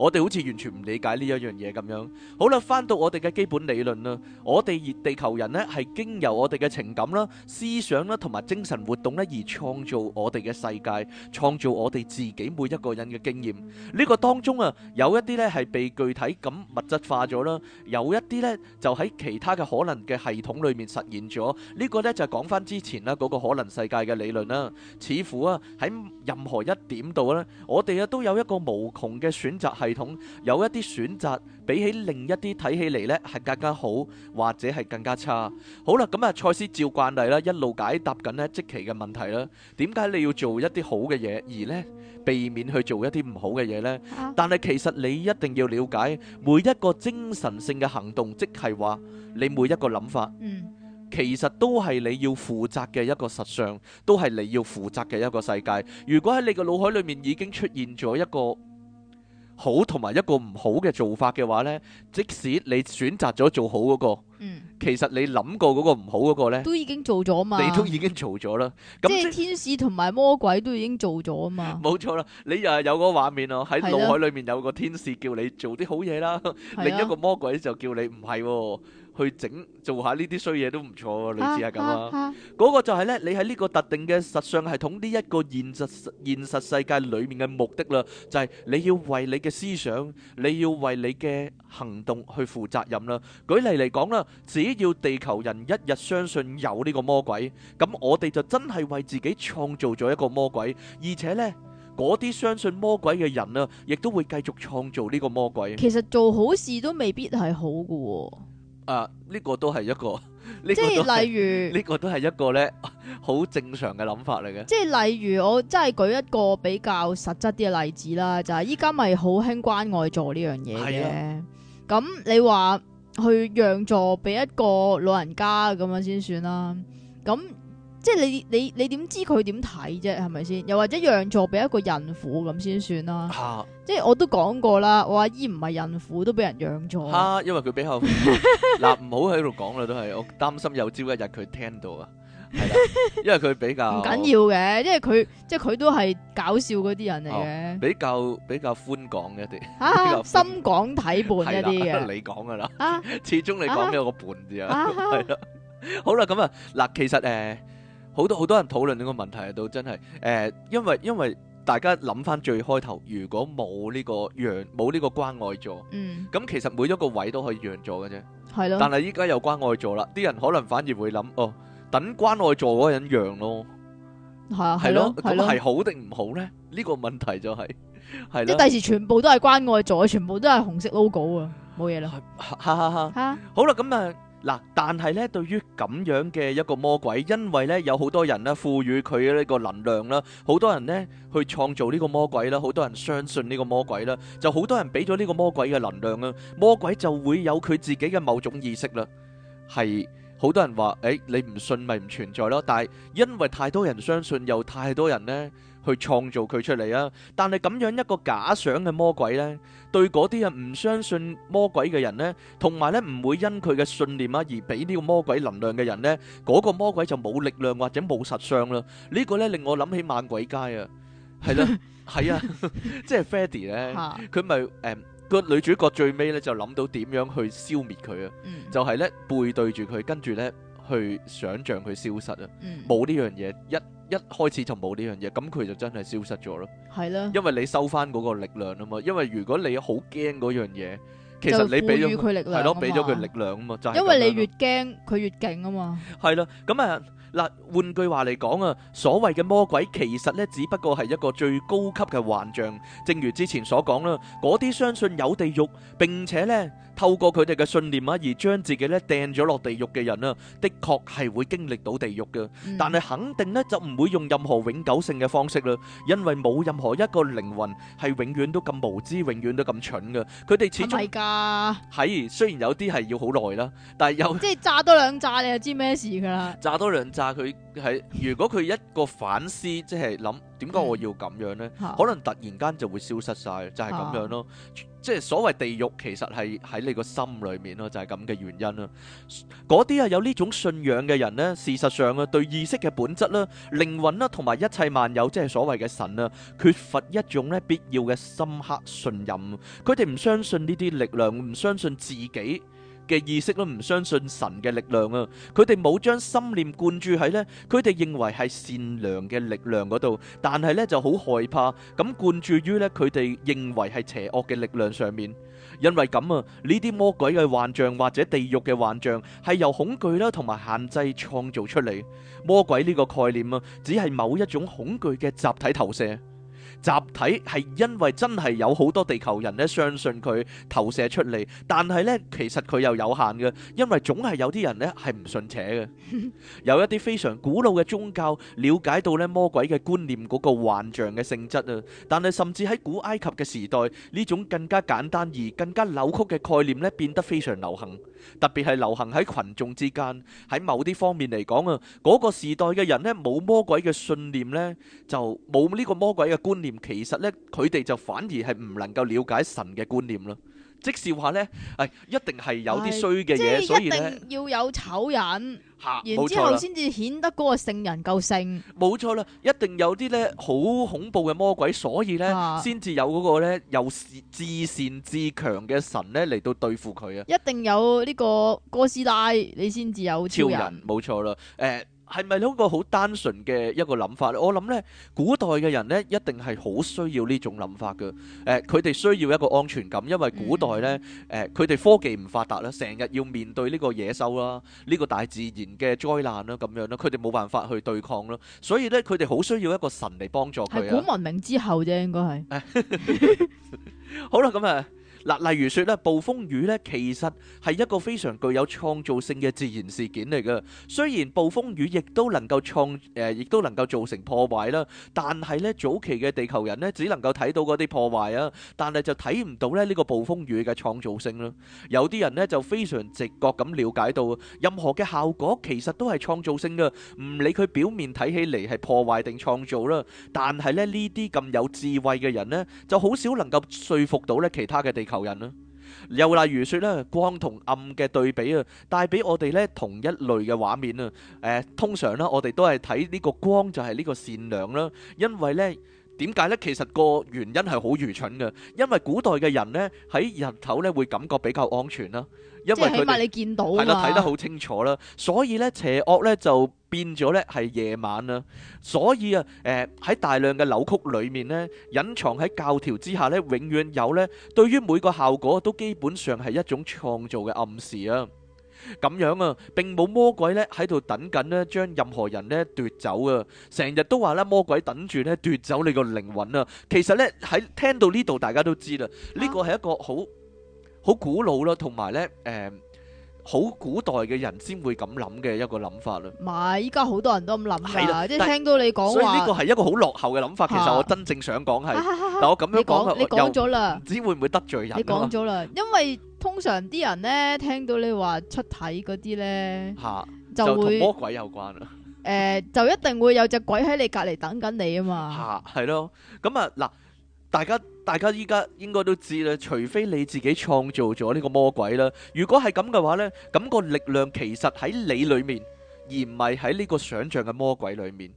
我哋好似完全唔理解呢一樣嘢咁樣。好啦，翻到我哋嘅基本理論啦，我哋熱地球人咧係經由我哋嘅情感啦、思想啦同埋精神活動咧而創造我哋嘅世界，創造我哋自己每一個人嘅經驗。呢個當中啊有一啲咧係被具體咁物質化咗啦，有一啲咧就喺其他嘅可能嘅系統裏面實現咗。呢個咧就係講翻之前啦嗰個可能世界嘅理論啦，似乎啊喺任何一點度咧，我哋啊都有一個無窮嘅選擇係。系統有一啲選擇，比起另一啲睇起嚟呢係更加好，或者係更加差。好啦，咁啊，賽斯照慣例啦，一路解答緊呢即期嘅問題啦。點解你要做一啲好嘅嘢，而呢避免去做一啲唔好嘅嘢呢？啊、但係其實你一定要了解每一個精神性嘅行動，即係話你每一個諗法，嗯、其實都係你要負責嘅一個實相，都係你要負責嘅一個世界。如果喺你嘅腦海裡面已經出現咗一個。好同埋一個唔好嘅做法嘅話呢，即使你選擇咗做好嗰個，嗯、其實你諗過嗰個唔好嗰個呢，都已經做咗嘛，你都已經做咗啦。即係天使同埋魔鬼都已經做咗啊嘛。冇錯啦，你又有個畫面喎，喺腦海裡面有個天使叫你做啲好嘢啦，的 另一個魔鬼就叫你唔係喎。去整做下呢啲衰嘢，都唔錯喎，類似係咁啊。嗰個就係咧,你喺呢個特定嘅實相系統呢一個現實現實世界裏面嘅目的啦,就係你要為你嘅思想,你要為你嘅行動去負責任啦。舉例嚟講啦,只要地球人一日相信有呢個魔鬼,咁我哋就真係為自己創造咗一個魔鬼,而且咧，嗰啲相信魔鬼嘅人啊,亦都會繼續創造呢個魔鬼。其實做好事都未必係好嘅。誒，呢個都係一個，呢個都係呢個都係一個咧好正常嘅諗法嚟嘅。即係例如，我真係舉一個比較實質啲嘅例子啦，就係依家咪好興關愛座呢樣嘢嘅。咁是啊，你話去讓座俾一個老人家咁樣先算啦。咁即係你你你點知佢點睇，啫係咪先？又或者讓座俾一個孕婦咁先算啦。吓、啊，即係我都講過啦，我阿姨唔係孕婦都俾人讓座。吓、啊，因為佢比較嗱，唔好喺度講啦，都係我擔心有朝一日佢聽到啊。係啦，因為佢比較唔緊要嘅，因為佢即係佢都係搞笑嗰啲人嚟嘅、啊，比較比較寬廣一啲。吓、 啊，心廣體胖一啲嘅，你講噶啦，始終你講有個半字啊，係啦。啊、 是的 好啦，咁啊嗱，其實誒。呃好多好多人討論呢個問題都真係誒，因為因為大家諗翻最開頭，如果冇呢個讓冇呢個關愛座，嗯，咁其實每一個位都可以讓座嘅啫，係咯。但係依家有關愛座啦，啲人可能反而會諗哦，等關愛座嗰個人讓咯，係啊，係咯，咁係好定唔好咧？呢個問題就係係咯，即係第時全部都係關愛座，全部都係紅色 logo 啊，冇嘢啦，哈哈哈，好啦，咁啊。但係咧，對於咁樣嘅一個魔鬼，因為咧有好多人咧賦予佢呢個能量啦，好多人咧去創造呢個魔鬼啦，好多人相信呢個魔鬼啦，就好多人俾咗呢個魔鬼嘅能量啦，魔鬼就會有佢自己嘅某種意識啦，係好多人話，誒、哎，你唔信咪唔存在咯？但係因為太多人相信，又太多人咧。去創造佢出嚟啊！但係咁樣一個假想嘅魔鬼咧，對嗰啲啊唔相信魔鬼嘅人咧，同埋咧唔會因佢嘅信念啊而俾呢個魔鬼能量嘅人咧，嗰個魔鬼就冇力量或者冇實相啦。呢個咧令我諗起猛鬼街啊，係啦，係啊，即係 Freddy 咧，佢咪誒個女主角最尾咧就諗到點樣去消滅佢啊？就係咧背對住佢，跟住咧去想像佢消失啊！冇呢樣嘢一一開始就冇呢樣嘢，咁佢就真係消失咗咯。係啦的，因為你收翻嗰個力量啊嘛。因為如果你好驚嗰樣嘢，其實你俾咗佢力量，係咯了，俾咗佢力量啊嘛。就係因為你越驚，佢越勁啊嘛。係啦，咁啊，嗱，換句話嚟講啊，所謂嘅魔鬼，其實咧只不過係一個最高級嘅幻象。正如之前所講啦，嗰啲相信有地獄，並且咧。透過佢哋嘅信念啊，而將自己咧掟咗落地獄嘅人啦，的確係會經歷到地獄嘅，但係肯定咧就唔會用任何永久性嘅方式啦，因為冇任何一個靈魂係永遠都咁無知，永遠都咁蠢嘅。佢哋始終係噶，係雖然有啲係要好耐啦，但係又即係炸多兩炸，你就知咩事噶啦。炸多兩炸，佢係如果佢一個反思，即係諗點解我要咁樣咧，可能突然間就會消失晒，就係咁樣咯。即係所謂地獄，其實係喺你個心裏面咯，就係咁嘅原因啦。嗰啲係有呢種信仰嘅人呢，事實上啊，對意識嘅本質啦、靈魂啦同埋一切萬有，即係所謂嘅神啊，缺乏一種呢必要嘅深刻信任。佢哋唔相信呢啲力量，唔相信自己。嘅意識都，唔相信神嘅力量啊，佢哋冇將心念灌注喺呢，佢哋認為係善良嘅力量嗰度，但係呢就好害怕，咁灌注於呢佢哋認為係邪惡嘅力量上面，因為咁啊，呢啲魔鬼嘅幻象或者地獄嘅幻象係由恐懼啦同埋限制創造出嚟，魔鬼呢個概念啊，只係某一種恐懼嘅集體投射。集體係因為真係有好多地球人呢相信佢投射出嚟，但係呢其實佢又有限嘅，因為總係有啲人呢係唔信邪嘅。有一啲非常古老嘅宗教了解到呢魔鬼嘅觀念嗰個幻象嘅性質啊，但係甚至喺古埃及嘅時代，呢種更加簡單而更加扭曲嘅概念呢變得非常流行。特別係流行喺群眾之間，喺某啲方面嚟講啊，嗰、那個時代嘅人呢，冇魔鬼嘅信念呢，就冇呢個魔鬼嘅觀念，其實呢，佢哋就反而係唔能夠了解神嘅觀念囉。即是話呢，誒、哎，一定係有啲衰嘅嘢，所以一定要有醜人，啊、然之後先至顯得嗰個聖人夠聖。冇錯啦，一定有啲呢好恐怖嘅魔鬼，所以呢先至、啊、有嗰個呢由善至善至強嘅神咧嚟到對付佢啊！一定有呢個哥斯拉，你先至有超人。冇錯啦，誒、呃。係咪一個好單純嘅一個諗法咧？我諗咧，古代嘅人咧，一定係好需要呢種諗法嘅。誒，佢哋需要一個安全感，因為古代咧，誒，佢哋科技唔發達啦，成日要面對呢個野獸啦，呢個大自然嘅災難啦，咁樣啦，佢哋冇辦法去對抗咯，所以咧，佢哋好需要一個神嚟幫助佢啊。古文明之後啫，應該係。好啦，咁啊。嗱，例如說咧，暴風雨咧，其實係一個非常具有創造性嘅自然事件嚟嘅。雖然暴風雨亦都能夠創誒、呃、亦都能夠造成破壞啦，但係咧，早期嘅地球人咧，只能夠睇到嗰啲破壞啊，但係就睇唔到咧呢個暴風雨嘅創造性啦。有啲人咧就非常直覺咁了解到，任何嘅效果其實都係創造性嘅，唔理佢表面睇起嚟係破壞定創造啦。但係咧呢啲咁有智慧嘅人咧，就好少能夠說服到咧其他嘅地球求人啦，又例如說咧，光同暗嘅對比啊，帶俾我哋咧同一類嘅畫面啊。誒、呃，通常啦，我哋都係睇呢個光就係呢個善良啦，因為咧，點解咧？其實個原因係好愚蠢嘅，因為古代嘅人咧喺日頭咧會感覺比較安全啦，因為起碼你見到係啦，睇得好清楚啦，所以咧邪惡咧就，變咗咧係夜晚啊，所以啊，誒喺大量嘅扭曲裏面咧，隱藏喺教條之下咧，永遠有咧，對於每個效果都基本上係一種創造嘅暗示啊。咁樣啊，並冇魔鬼咧喺度等緊咧，將任何人咧奪走啊。成日都話啦，魔鬼等住咧奪走你個靈魂啊。其實咧喺聽到呢度，大家都知啦，呢個係一個好好古老咯，同埋咧，誒。好古代嘅人先會咁諗嘅一個諗法啦。唔係依家好多人都咁諗啊，即係聽到你講，所以呢個係一個好落後嘅諗法。其實我真正想講係，但我咁樣講，你講咗啦，唔知會唔會得罪人？你講咗啦，因為通常啲人咧聽到你話出體嗰啲咧，吓就同魔鬼有關啦。誒，就一定會有隻鬼喺你隔籬等緊你啊嘛。吓係咯，咁啊嗱，大家。大家依家應該都知啦，除非你自己創造咗呢個魔鬼啦。如果係咁嘅話呢，咁個力量其實喺你裏面，而唔係喺呢個想像嘅魔鬼裏面。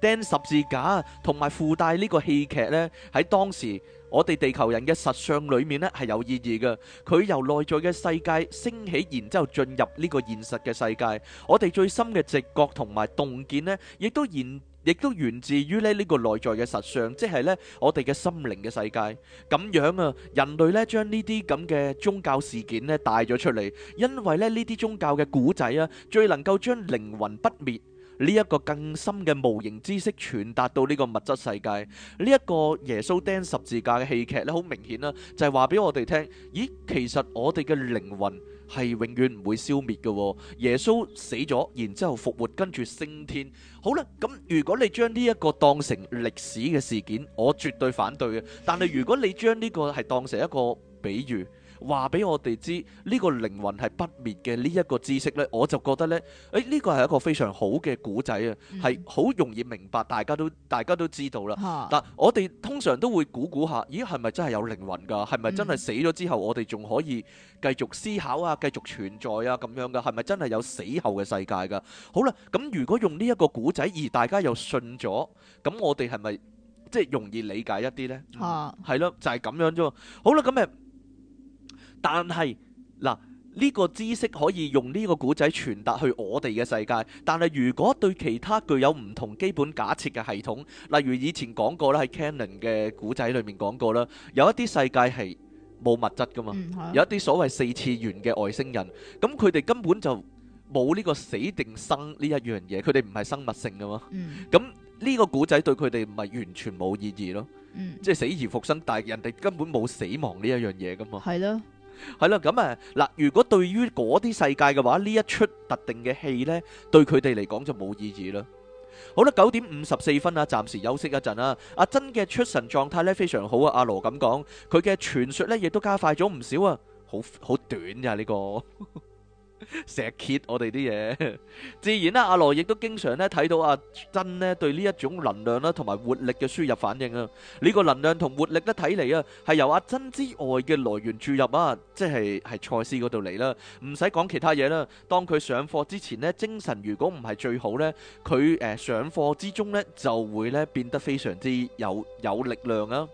釘十字架同埋附帶呢個戲劇呢，喺當時我哋地球人嘅實相裏面呢，係有意義嘅。佢由內在嘅世界升起，然之後進入呢個現實嘅世界。我哋最深嘅直覺同埋洞見呢，亦都然。亦都源自於呢呢個內在嘅實相，即係呢我哋嘅心靈嘅世界咁樣啊。人類呢將呢啲咁嘅宗教事件呢帶咗出嚟，因為呢呢啲宗教嘅古仔啊，最能夠將靈魂不滅呢一個更深嘅無形知識傳達到呢個物質世界。呢、這、一個耶穌釘十字架嘅戲劇呢，好明顯啦、啊，就係話俾我哋聽，咦，其實我哋嘅靈魂，係永遠唔會消滅嘅，耶穌死咗，然之後復活，跟住升天。好啦，咁如果你將呢一個當成歷史嘅事件，我絕對反對嘅。但係如果你將呢個係當成一個比喻，話俾我哋知呢個靈魂係不滅嘅呢一個知識呢，我就覺得呢，誒呢個係一個非常好嘅古仔啊，係好、嗯、容易明白，大家都大家都知道啦。啊、但我哋通常都會估估下，咦係咪真係有靈魂㗎？係咪真係死咗之後、嗯、我哋仲可以繼續思考啊，繼續存在啊咁樣㗎？係咪真係有死後嘅世界㗎？好啦，咁如果用呢一個古仔而大家又信咗，咁我哋係咪即係容易理解一啲呢？啊，係咯、嗯，就係、是、咁樣啫喎。好啦，咁誒。但係嗱，呢、呢個知識可以用呢個古仔傳達去我哋嘅世界。但係如果對其他具有唔同基本假設嘅系統，例如以前講過啦，喺 Canon 嘅古仔裡面講過啦，有一啲世界係冇物質噶嘛，嗯、有一啲所謂四次元嘅外星人，咁佢哋根本就冇呢個死定生呢一樣嘢，佢哋唔係生物性噶嘛。咁呢、嗯、個古仔對佢哋咪完全冇意義咯。即係、嗯、死而復生，但係人哋根本冇死亡呢一樣嘢噶嘛。係咯、嗯。係啦，咁啊嗱，如果對於嗰啲世界嘅話，呢一出特定嘅戲呢，對佢哋嚟講就冇意義啦。好啦，九點五十四分啊，暫時休息一陣啦。阿珍嘅出神狀態呢，非常好啊，阿羅咁講，佢嘅傳說呢，亦都加快咗唔少啊，好好短呀呢個。 成日 揭我哋啲嘢，自然啦。阿羅亦都經常咧睇到阿珍咧對呢一種能量啦同埋活力嘅輸入反應啊。呢、這個能量同活力咧睇嚟啊，係由阿珍之外嘅來源注入啊，即係係賽斯嗰度嚟啦。唔使講其他嘢啦，當佢上課之前咧精神如果唔係最好呢，佢誒上課之中咧就會咧變得非常之有有力量啊。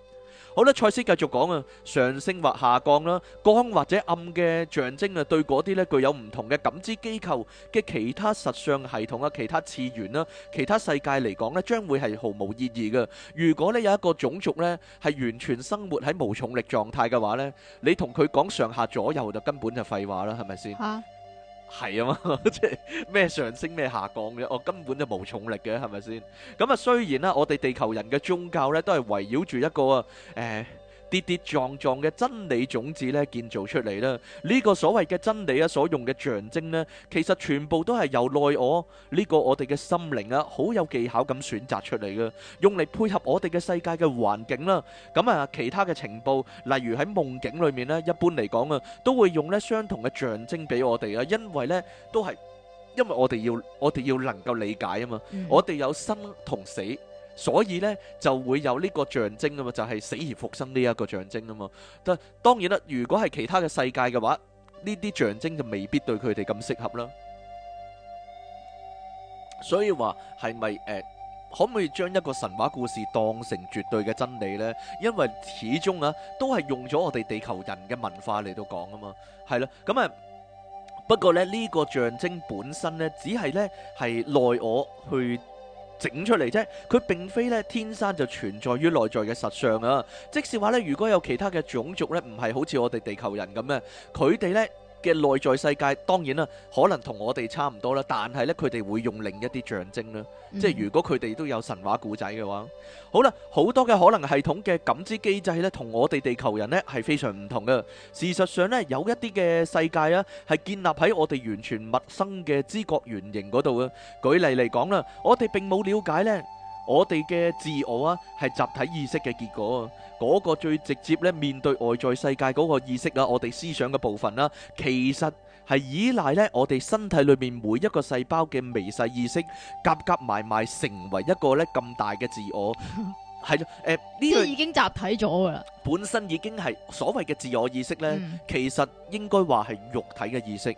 好啦，賽斯繼續講啊，上升或下降啦，光或者暗嘅象徵啊，對嗰啲呢具有唔同嘅感知機構嘅其他實相系統啊，其他次元啦，其他世界嚟講呢，將會係毫無意義嘅。如果你有一個種族呢係完全生活喺無重力狀態嘅話呢，你同佢講上下左右就根本就廢話啦，係咪先？係啊嘛，即係咩上升咩下降嘅，我根本就冇重力嘅，係咪先？咁啊，雖然咧，我哋地球人嘅宗教咧，都係圍繞住一個啊，欸跌跌撞撞嘅真理種子咧建造出嚟啦，呢個所謂嘅真理啊，所用嘅象徵呢，其實全部都係由內我呢個我哋嘅心靈啊，好有技巧咁選擇出嚟嘅，用嚟配合我哋嘅世界嘅環境啦。咁啊，其他嘅情報，例如喺夢境裏面呢，一般嚟講啊，都會用呢相同嘅象徵俾我哋啊，因為呢都係因為我哋要我哋要能夠理解啊嘛，我哋有生同死。所以呢，就會有呢個象徵啊嘛，就係、是、死而復生呢一個象徵啊嘛。但當然啦，如果係其他嘅世界嘅話，呢啲象徵就未必對佢哋咁適合啦。所以話係咪誒，可唔可以將一個神話故事當成絕對嘅真理呢？因為始終啊，都係用咗我哋地球人嘅文化嚟到講啊嘛，係咯。咁啊，不過呢，呢、這個象徵本身呢，只係呢，係奈我去。整出嚟啫，佢並非咧天生就存在於內在嘅實相啊！即是話咧，如果有其他嘅種族咧，唔係好似我哋地球人咁啊，佢哋咧。嘅內在世界當然啦，可能同我哋差唔多啦，但係咧佢哋會用另一啲象徵啦，即係如果佢哋都有神話故仔嘅話，好啦，好多嘅可能系統嘅感知機制咧，同我哋地球人咧係非常唔同嘅。事實上咧，有一啲嘅世界啊，係建立喺我哋完全陌生嘅知覺原型嗰度啊。舉例嚟講啦，我哋並冇了解咧。我哋嘅自我啊，係集體意識嘅結果。嗰個最直接咧，面對外在世界嗰個意識啊，我哋思想嘅部分啦，其實係依賴咧我哋身體裏面每一個細胞嘅微細意識，夾夾埋埋成為一個咧咁大嘅自我。 係咯，誒呢即已經集體咗噶啦。呃、本身已經係所謂嘅自我意識呢，嗯、其實應該話係肉體嘅意識，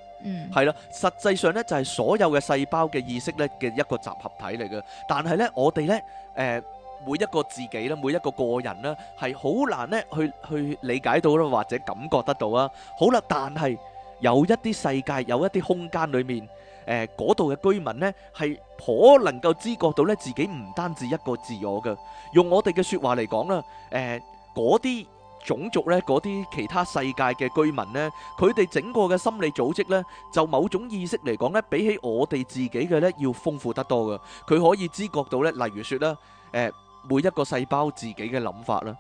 係啦、嗯。實際上呢，就係所有嘅細胞嘅意識呢嘅一個集合體嚟嘅。但係呢，我哋呢，誒、呃、每一個自己呢，每一個個人呢係好難呢去去理解到啦或者感覺得到啊。好啦，但係有一啲世界，有一啲空間裡面誒嗰度嘅居民呢，係。可能夠知覺到咧，自己唔單止一個自我嘅。用我哋嘅説話嚟講啦，誒，嗰啲種族咧，嗰啲其他世界嘅居民咧，佢哋整個嘅心理組織咧，就某種意識嚟講咧，比起我哋自己嘅咧，要豐富得多嘅。佢可以知覺到咧，例如説啦，誒，每一個細胞自己嘅諗法啦。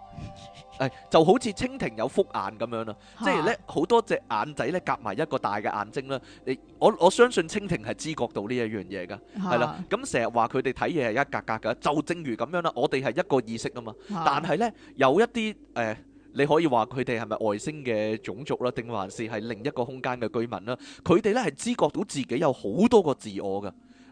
哎、就好似蜻蜓有複眼咁樣啦，哈即係咧，好多隻眼仔咧，夾埋一個大嘅眼睛啦。我我相信蜻蜓係知覺到呢一樣嘢㗎，係啦哈。咁成日話佢哋睇嘢係一格格㗎，就正如咁樣啦。我哋係一個意識啊嘛，哈但係呢，有一啲誒、哎，你可以話佢哋係咪外星嘅種族啦，定還是係另一個空間嘅居民啦？佢哋呢，係知覺到自己有好多個自我㗎。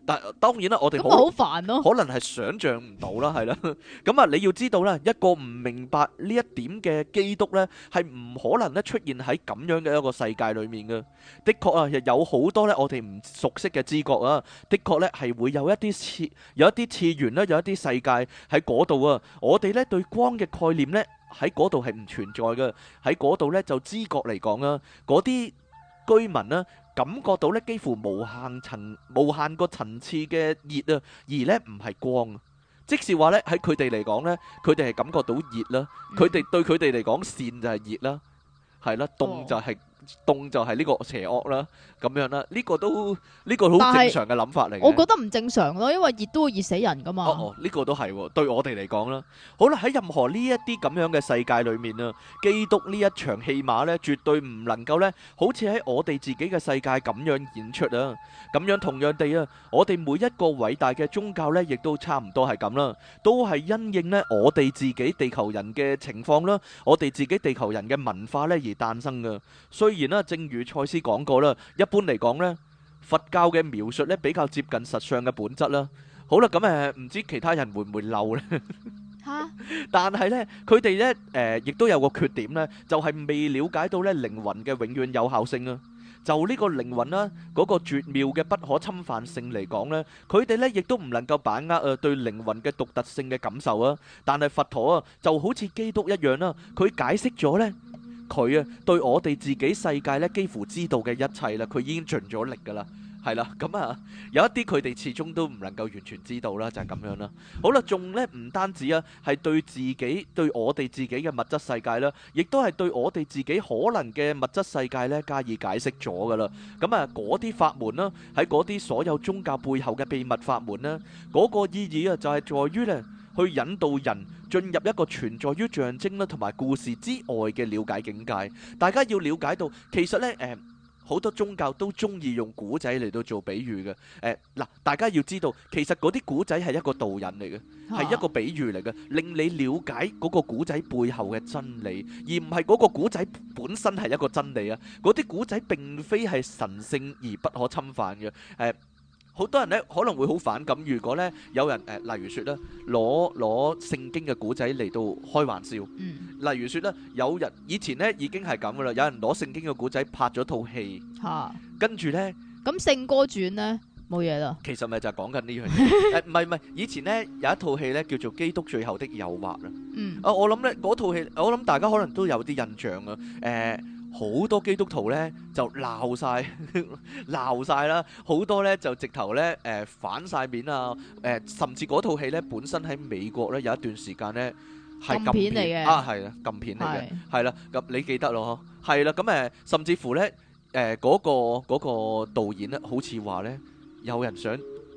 但當然啦，我哋好煩囉，可能係想像唔到啦，係啦。咁、嗯、啊，你要知道啦，一個唔明白呢一點嘅基督呢，係唔可能咧出現喺咁樣嘅一個世界裏面嘅。的確啊，有好多呢，我哋唔熟悉嘅知覺啊，的確呢，係會有一啲次有一啲次元啦，有一啲世界喺嗰度啊。我哋呢，對光嘅概念呢，喺嗰度係唔存在嘅，喺嗰度呢，就知覺嚟講啊，嗰啲居民咧。感覺到咧幾乎無限層無限個層次嘅熱啊，而咧唔係光，即是話咧喺佢哋嚟講咧，佢哋係感覺到熱啦、啊，佢哋、嗯、對佢哋嚟講，就熱、啊啊、就係熱啦，係啦，凍就係。凍就係呢個邪惡啦，咁樣啦，呢個都呢個好正常嘅諗法嚟嘅。我覺得唔正常咯，因為熱都會熱死人噶嘛。哦，呢個都係對我哋嚟講啦。好啦，喺任何呢一啲咁樣嘅世界裏面啊，基督呢一場戲碼咧，絕對唔能夠咧，好似喺我哋自己嘅世界咁樣演出啊。咁樣同樣地啊，我哋每一個偉大嘅宗教咧，亦都差唔多係咁啦，都係因應咧我哋自己地球人嘅情況啦，我哋自己地球人嘅文化咧而誕生嘅。所雖然啦，正如賽斯講過啦，一般嚟講咧，佛教嘅描述咧比較接近實相嘅本質啦。好啦，咁誒，唔知其他人會唔會漏咧？吓！但係咧，佢哋咧誒，亦都有個缺點咧，就係未了解到咧靈魂嘅永遠有效性啊。就呢個靈魂啦，嗰個絕妙嘅不可侵犯性嚟講咧，佢哋咧亦都唔能夠把握誒對靈魂嘅獨特性嘅感受啊。但係佛陀啊，就好似基督一樣啦，佢解釋咗咧。佢啊，對我哋自己世界咧，幾乎知道嘅一切啦，佢已經盡咗力噶啦，係啦，咁啊，有一啲佢哋始終都唔能夠完全知道啦，就係咁樣啦。好啦，仲咧唔單止啊，係對自己對我哋自己嘅物質世界啦，亦都係對我哋自己可能嘅物質世界咧加以解釋咗噶啦。咁啊，嗰啲法門啦，喺嗰啲所有宗教背後嘅秘密法門啦，嗰個意義啊就係在於咧，去引導人進入一個存在於象徵啦同埋故事之外嘅瞭解境界。大家要瞭解到，其實呢誒，好多宗教都鍾意用古仔嚟到做比喻嘅。誒嗱，大家要知道，其實嗰啲古仔係一個導引嚟嘅，係一個比喻嚟嘅，令你瞭解嗰個古仔背後嘅真理，而唔係嗰個古仔本身係一個真理啊。嗰啲古仔並非係神聖而不可侵犯嘅誒。好多人咧可能會好反感，如果咧有人誒，例如說咧攞攞聖經嘅古仔嚟到開玩笑，例如說咧有人以前咧已經係咁噶啦，有人攞聖經嘅古仔拍咗套戲，嚇，跟住咧，咁《聖歌傳》咧冇嘢咯，其實咪就係講緊呢樣嘢，唔係唔係，以前咧有一套戲咧叫做《基督最後的誘惑》啊，嗯，啊我諗咧嗰套戲，我諗大家可能都有啲印象啊，誒。好多基督徒咧就鬧曬鬧曬啦，好多咧就直頭咧誒反曬面啊！誒甚至嗰套戲咧本身喺美國咧有一段時間咧係禁片嚟嘅啊，係啊，禁片嚟嘅，係啦咁你記得咯嗬，係啦咁誒，甚至乎咧誒嗰個嗰個導演咧，好似話咧有人想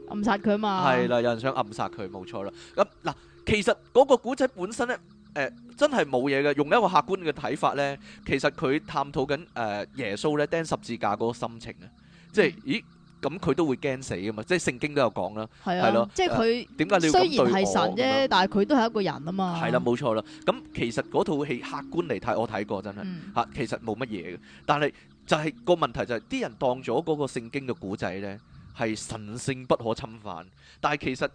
暗殺佢啊嘛，係啦，有人想暗殺佢冇錯啦。咁嗱，其實嗰個古仔本身咧。誒，真係冇嘢嘅，用一個客觀嘅睇法咧，其實佢探討緊誒耶穌咧釘十字架嗰個心情啊，即係，咦，咁佢都會驚死噶嘛，即係聖經都有講啦，係啊，即係佢點解你要咁對我？雖然係神啫，但係佢都係一個人啊嘛。係啦，冇錯啦。咁其實嗰套戲客觀嚟睇，我睇過真係，吓，其實冇乜嘢嘅。但係就係個問題就係，啲人當咗嗰個聖經嘅古仔咧，係神聖不可侵犯，但係其實。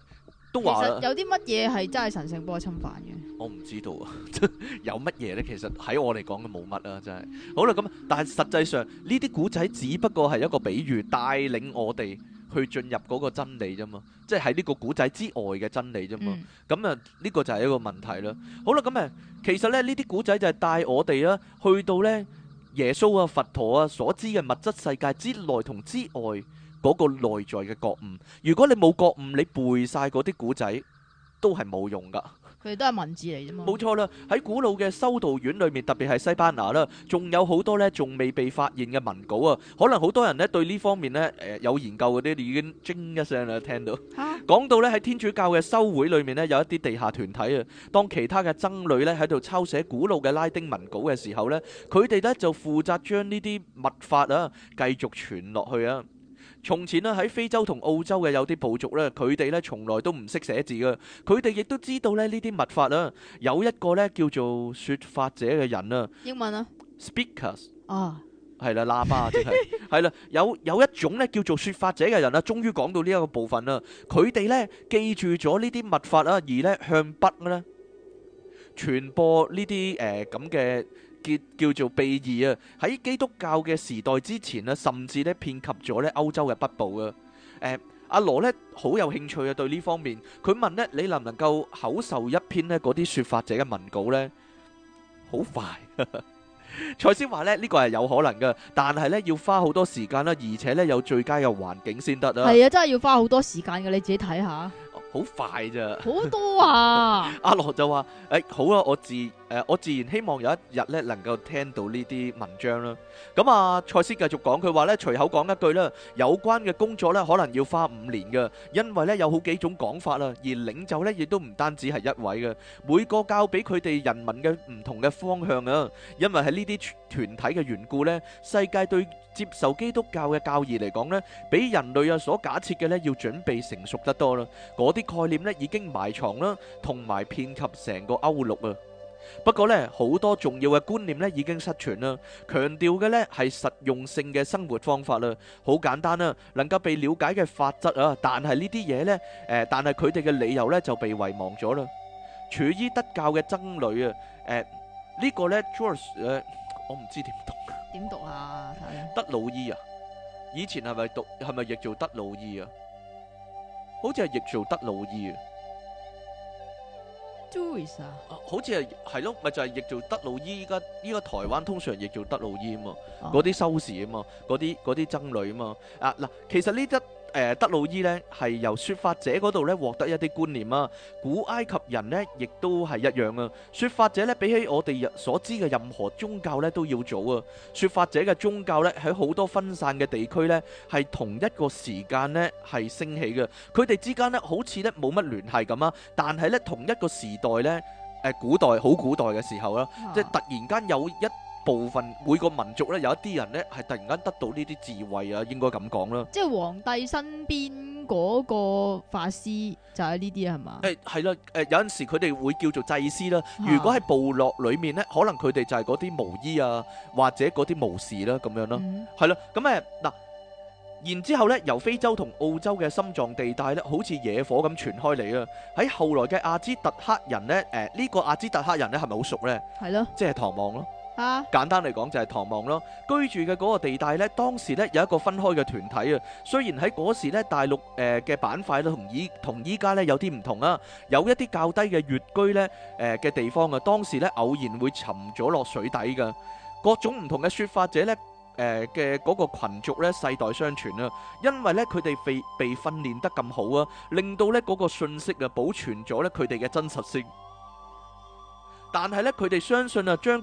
其實有啲乜嘢係真係神聖不可侵犯嘅？我唔知道啊！ 有乜嘢咧？其實喺我嚟講嘅冇乜啦，真係。好啦，咁但係實際上呢啲古仔只不過係一個比喻，帶領我哋去進入嗰個真理啫嘛。即係喺呢個古仔之外嘅真理啫嘛。咁啊、嗯，呢、這個就係一個問題啦。好啦，咁啊，其實咧呢啲古仔就係帶我哋啊去到咧耶穌啊、佛陀啊所知嘅物質世界之內同之外。嗰個內在嘅覺悟。如果你冇覺悟，你背晒嗰啲古仔都係冇用噶。佢哋都係文字嚟啫嘛。冇錯啦，喺古老嘅修道院裏面，特別係西班牙啦，仲有好多咧，仲未被發現嘅文稿啊。可能好多人咧對呢方面咧，誒有研究嗰啲，已經驚一聲啦，聽到。啊，講到咧喺天主教嘅修會裏面咧，有一啲地下團體啊，當其他嘅僧侶咧喺度抄寫古老嘅拉丁文稿嘅時候咧，佢哋咧就負責將呢啲秘法啊繼續傳落去啊。從前咧喺非洲同澳洲嘅有啲部族咧，佢哋咧從來都唔識寫字嘅。佢哋亦都知道咧呢啲密法啦。有一個咧叫做説法者嘅人啊，英文啊，Speakers 啊，係啦，喇叭真係係啦。有有一種咧叫做説法者嘅人啊，終於講到呢一個部分啦。佢哋咧記住咗呢啲密法啦，而咧向北咧傳播呢啲誒咁嘅。叫做秘義啊，喺基督教嘅時代之前咧、啊，甚至咧遍及咗咧歐洲嘅北部啊。阿、嗯、羅、啊、呢，好有興趣啊，對呢方面佢問呢，你能唔能夠口授一篇呢嗰啲說法者嘅文稿呢？好快、啊， 賽斯話呢，呢、這個係有可能噶，但係呢，要花好多時間啦、啊，而且呢，有最佳嘅環境先得啊。係啊，真係要花好多時間噶，你自己睇下。好快咋？好多啊！阿羅就話：誒，好啊，我自誒，我自然希望有一日咧，能夠聽到呢啲文章啦。咁啊，賽斯繼續講，佢話咧，隨口講一句啦，有關嘅工作咧，可能要花五年㗎，因為咧有好幾種講法啦，而領袖咧亦都唔單止係一位嘅，每個教俾佢哋人民嘅唔同嘅方向啊。因為喺呢啲團體嘅緣故咧，世界對接受基督教嘅教義嚟講咧，比人類啊所假設嘅咧要準備成熟得多啦。我。嗰啲概念呢已經埋藏啦，同埋遍及成個歐陸啊。不過呢好多重要嘅觀念呢已經失傳啦。強調嘅呢係實用性嘅生活方法啦，好簡單啊，能夠被了解嘅法則啊。但係呢啲嘢呢，誒，但係佢哋嘅理由呢就被遺忘咗啦。處於德教嘅僧侶啊，誒，呢個呢，George 誒，我唔知點讀。點讀啊？德魯伊啊？以前係咪讀？係咪亦做德魯伊啊？好似係譯做德魯伊啊，Doris 啊，哦，好似係係咯，咪就係譯做德魯伊。依家依家台灣通常譯做德魯伊啊嘛，嗰啲修士啊嘛，嗰啲嗰啲僧侶啊嘛。啊嗱，其實呢啲誒德魯伊咧係由説法者嗰度咧獲得一啲觀念啊，古埃及人咧亦都係一樣啊。説法者咧比起我哋所知嘅任何宗教咧都要早啊。説法者嘅宗教咧喺好多分散嘅地區咧係同一個時間咧係升起嘅，佢哋之間咧好似咧冇乜聯繫咁啊，但係咧同一個時代咧誒古代好古代嘅時候啦，即係突然間有一部分每個民族咧，有一啲人咧係突然間得到呢啲智慧啊，應該咁講啦。即係皇帝身邊嗰個法師就係呢啲啊係嘛？誒係啦，誒有陣時佢哋會叫做祭司啦。如果喺部落裡面咧，可能佢哋就係嗰啲巫醫啊，或者嗰啲巫士啦，咁樣咯，係啦。咁誒嗱，然之後咧，由非洲同澳洲嘅心臟地帶咧，好似野火咁傳開嚟啊。喺後來嘅阿茲特克人咧，誒呢個阿茲特克人咧係咪好熟咧？係咯，即係唐望咯。簡單嚟講就係唐望咯，居住嘅嗰個地帶咧，當時咧有一個分開嘅團體啊。雖然喺嗰時咧大陸誒嘅板塊咧同依同依家咧有啲唔同啊，有一啲較低嘅越居咧誒嘅地方啊。當時咧偶然會沉咗落水底噶，各種唔同嘅說法者咧誒嘅嗰個群族咧世代相傳啊，因為咧佢哋被被訓練得咁好啊，令到咧嗰個信息啊保存咗咧佢哋嘅真實性。但係咧佢哋相信啊將。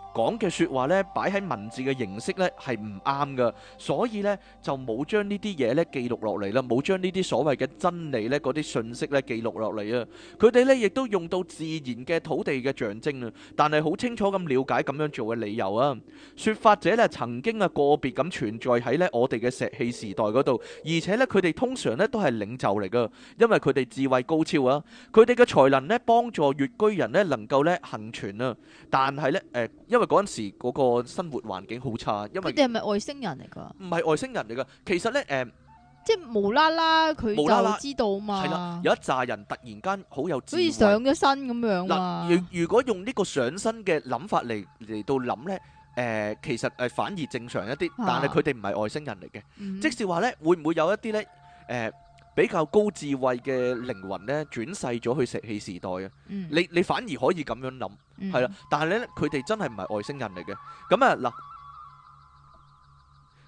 講嘅説話咧，擺喺文字嘅形式咧係唔啱噶，所以咧就冇將呢啲嘢咧記錄落嚟啦，冇將呢啲所謂嘅真理咧嗰啲信息咧記錄落嚟啊！佢哋咧亦都用到自然嘅土地嘅象徵啊，但係好清楚咁瞭解咁樣做嘅理由啊！説法者咧曾經啊個別咁存在喺咧我哋嘅石器時代嗰度，而且咧佢哋通常咧都係領袖嚟噶，因為佢哋智慧高超啊，佢哋嘅才能咧幫助穴居人咧能夠咧幸存啊！但係咧誒因因為嗰陣時嗰個生活環境好差，因為佢哋係咪外星人嚟噶？唔係外星人嚟噶，其實咧，誒、嗯，即係無啦啦佢就知道嘛。係啦，有一紮人突然間好有智慧，好似上咗身咁樣嘛。如如果用呢個上身嘅諗法嚟嚟到諗咧，誒、呃，其實誒反而正常一啲，但係佢哋唔係外星人嚟嘅。啊嗯、即使話咧，會唔會有一啲咧，誒、呃？比較高智慧嘅靈魂咧，轉世咗去石器時代啊！嗯、你你反而可以咁樣諗，係啦、嗯，但係咧，佢哋真係唔係外星人嚟嘅。咁啊嗱。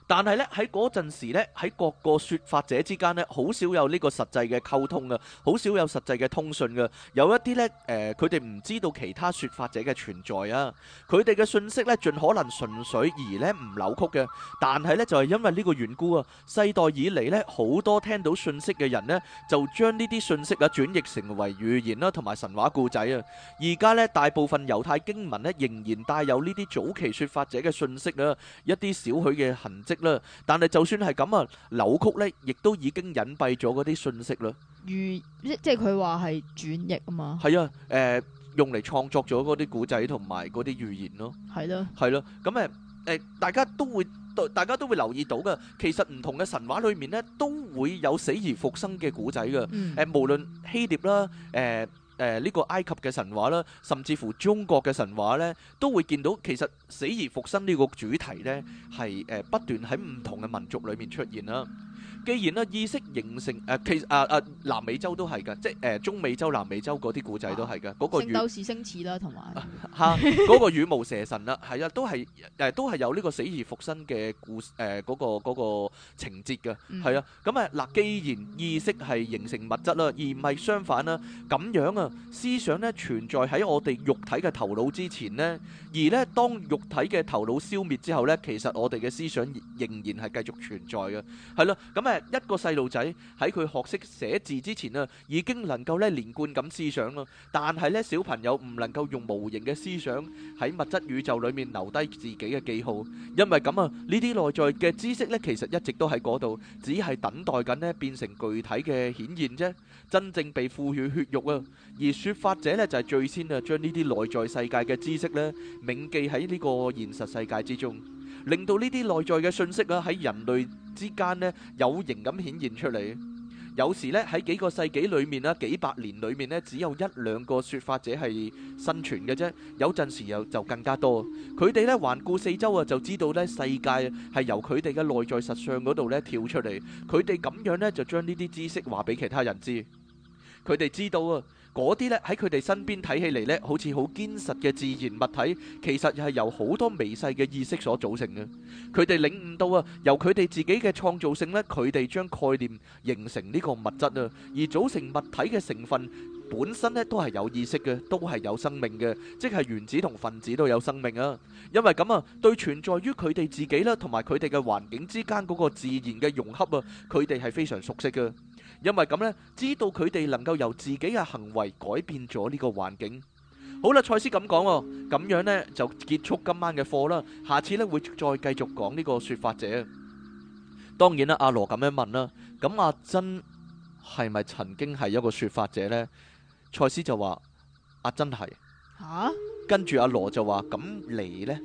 但係咧，喺嗰陣時咧，喺各個說法者之間咧，好少有呢個實際嘅溝通啊，好少有實際嘅通訊噶。有一啲咧，誒，佢哋唔知道其他說法者嘅存在啊。佢哋嘅信息咧，盡可能純粹而咧唔扭曲嘅。但係咧，就係因為呢個緣故啊，世代以嚟咧，好多聽到信息嘅人咧，就將呢啲信息啊，轉譯成為語言啦，同埋神話故仔啊。而家咧，大部分猶太經文咧，仍然帶有呢啲早期說法者嘅信息啊，一啲少許嘅痕跡。啦，但係就算係咁啊，扭曲咧，亦都已經隱蔽咗嗰啲信息啦。預即係佢話係轉譯啊嘛。係啊，誒，用嚟創作咗嗰啲古仔同埋嗰啲預言咯。係咯，係咯，咁誒，誒，大家都會，大家都會留意到噶。其實唔同嘅神話裏面咧，都會有死而復生嘅古仔噶。誒，無論希臘啦，誒。誒呢個埃及嘅神話啦，甚至乎中國嘅神話呢，都會見到其實死而復生呢個主題呢，係誒不斷喺唔同嘅民族裏面出現啦。既然咧、啊、意識形成，誒其實啊啊南美洲都係嘅，即係誒、呃、中美洲、南美洲啲古仔都係嘅。嗰個《聖鬥士星矢》啦，同埋吓個《羽毛蛇神》啦、 啊，係啊，啊，啊，啊，啊，都係誒都係有呢個死而復生嘅故誒、啊嗰個、嗰個情節嘅，係啊。咁啊，嗱，既然意識係形成物質啦，而唔係相反啦，咁樣啊，思想咧存在喺我哋肉體嘅頭腦之前咧，而咧當肉體嘅頭腦消滅之後咧，其實我哋嘅思想仍然係繼續存在嘅，係咯。咁啊。一個細路仔喺佢學識寫字之前啊，已經能夠咧連貫咁思想啦。但係咧，小朋友唔能夠用無形嘅思想喺物質宇宙裏面留低自己嘅記號，因為咁啊，呢啲內在嘅知識咧，其實一直都喺嗰度，只係等待緊咧變成具體嘅顯現啫。真正被賦予血肉啊，而說法者咧就係最先啊，將呢啲內在世界嘅知識咧銘記喺呢個現實世界之中。令到呢啲內在嘅信息啊，喺人類之間咧有形咁顯現出嚟。有時咧喺幾個世紀裏面啦，幾百年裏面咧，只有一兩個説法者係生存嘅啫。有陣時又就更加多。佢哋咧環顧四周啊，就知道咧世界係由佢哋嘅內在實相嗰度咧跳出嚟。佢哋咁樣咧就將呢啲知識話俾其他人知。佢哋知道啊。嗰啲呢喺佢哋身邊睇起嚟呢，好似好堅實嘅自然物體，其實係由好多微細嘅意識所組成嘅。佢哋領悟到啊，由佢哋自己嘅創造性呢，佢哋將概念形成呢個物質啊，而組成物體嘅成分本身呢，都係有意識嘅，都係有生命嘅，即係原子同分子都有生命啊。因為咁啊，對存在於佢哋自己啦，同埋佢哋嘅環境之間嗰個自然嘅融合啊，佢哋係非常熟悉嘅。因為咁呢，知道佢哋能夠由自己嘅行為改變咗呢個環境。好啦，蔡斯咁講，咁樣呢就結束今晚嘅課啦。下次呢會再繼續講呢個說法者。當然啦，阿羅咁樣問啦，咁阿珍係咪曾經係一個說法者呢？蔡斯就話阿珍係吓，跟住阿羅就話咁你呢？」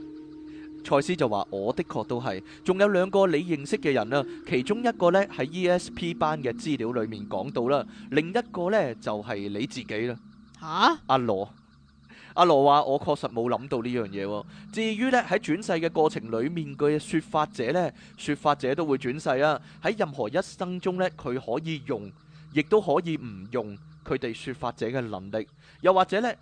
賽斯就話：我的確都係，仲有兩個你認識嘅人啦、啊，其中一個呢，喺 ESP 班嘅資料裏面講到啦，另一個呢，就係、是、你自己啦。吓、啊？阿羅、啊，阿羅話：我確實冇諗到呢樣嘢。至於呢，喺轉世嘅過程裏面嘅說法者呢，說法者都會轉世啊。喺任何一生中呢，佢可以用，亦都可以唔用佢哋說法者嘅能力。又或者呢，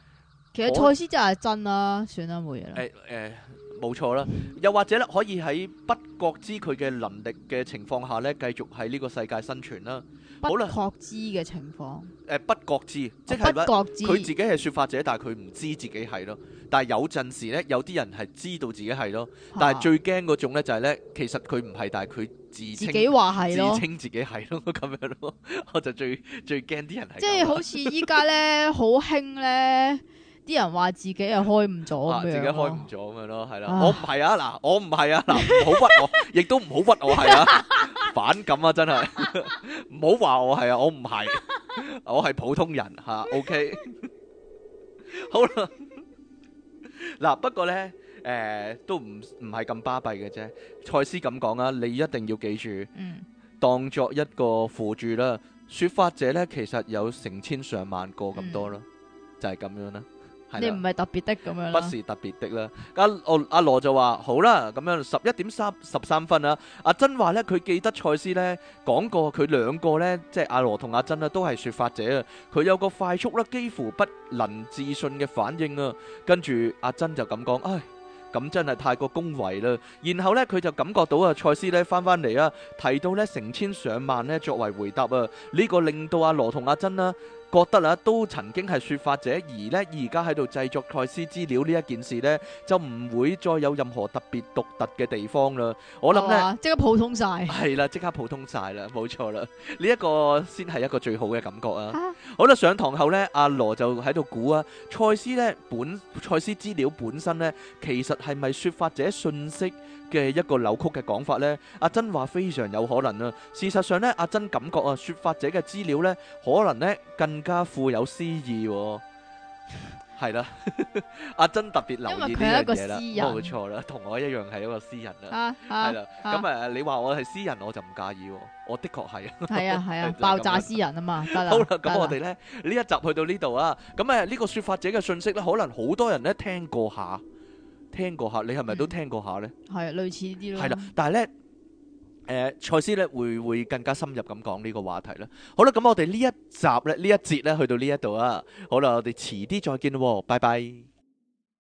其實賽斯就係真啦、啊，算啦冇嘢啦。誒。哎哎冇錯啦，又或者咧，可以喺不覺知佢嘅能力嘅情況下咧，繼續喺呢個世界生存啦。好不覺知嘅情況，誒、呃、不覺知，哦、即係是佢自己係説法者，但係佢唔知自己係咯。但係有陣時咧，有啲人係知道自己係咯。但係、啊、最驚嗰種咧，就係咧，其實佢唔係，但係佢自，自己話係咯，自稱自己係咯，咁樣咯，我就最最驚啲人係。即係 好似依家咧，好興咧。啲人話自己又開唔咗咁樣，自己開唔咗咁樣咯，係啦，我唔係啊，嗱，我唔係啊，嗱，唔好屈我，亦都唔好屈我係啊，反感啊，真係唔好話我係啊，我唔係，我係普通人吓，OK，好啦，嗱，不過咧，誒，都唔唔係咁巴閉嘅啫，賽斯咁講啊，你一定要記住，嗯，當作一個輔助啦，說法者咧，其實有成千上萬個咁多咯，就係咁樣啦。你唔係特別的咁樣，不是特別的啦。阿阿、啊啊、羅就話：好啦，咁樣十一點三十三分啦、啊。阿珍話咧，佢記得賽斯咧講過佢兩個咧，即係阿羅同阿珍啦、啊，都係說法者啊。佢有個快速啦，幾乎不能置信嘅反應啊。跟住阿珍就咁講：，唉，咁真係太過恭維啦。然後咧，佢就感覺到啊，賽斯咧返返嚟啊，提到咧成千上萬咧作為回答啊，呢、這個令到阿羅同阿珍啦。覺得啦，都曾經係說法者，而呢而家喺度製作賽斯資料呢一件事呢，就唔會再有任何特別獨特嘅地方啦。哦、我諗呢，即刻普通晒，係啦，即刻普通晒啦，冇錯啦，呢、這、一個先係一個最好嘅感覺啊！好啦，上堂後呢，阿羅就喺度估啊，賽斯呢本賽斯資料本身呢，其實係咪說法者信息？嘅一個扭曲嘅講法呢，阿珍話非常有可能啊。事實上呢，阿珍感覺啊，説法者嘅資料呢，可能呢更加富有詩意，哦。係啦，阿珍特別留意呢樣嘢啦。冇錯啦，同我一樣係一個詩人啦，啊。啊係啦。咁誒的，啊、你話我係詩人，我就唔介意，哦。我的確係。係啊係啊，啊 爆炸詩人啊嘛， 好啦了，咁我哋呢，呢一集去到呢度啊。咁誒，呢個説法者嘅信息呢，可能好多人呢聽過下。聽過下，你係咪都聽過下咧？係、嗯、類似啲咯。係啦，但係呢，誒、呃、賽斯咧會會更加深入咁講呢個話題咧。好啦，咁我哋呢一集呢，呢一節呢，去到呢一度啊。好啦，我哋遲啲再見喎，拜拜。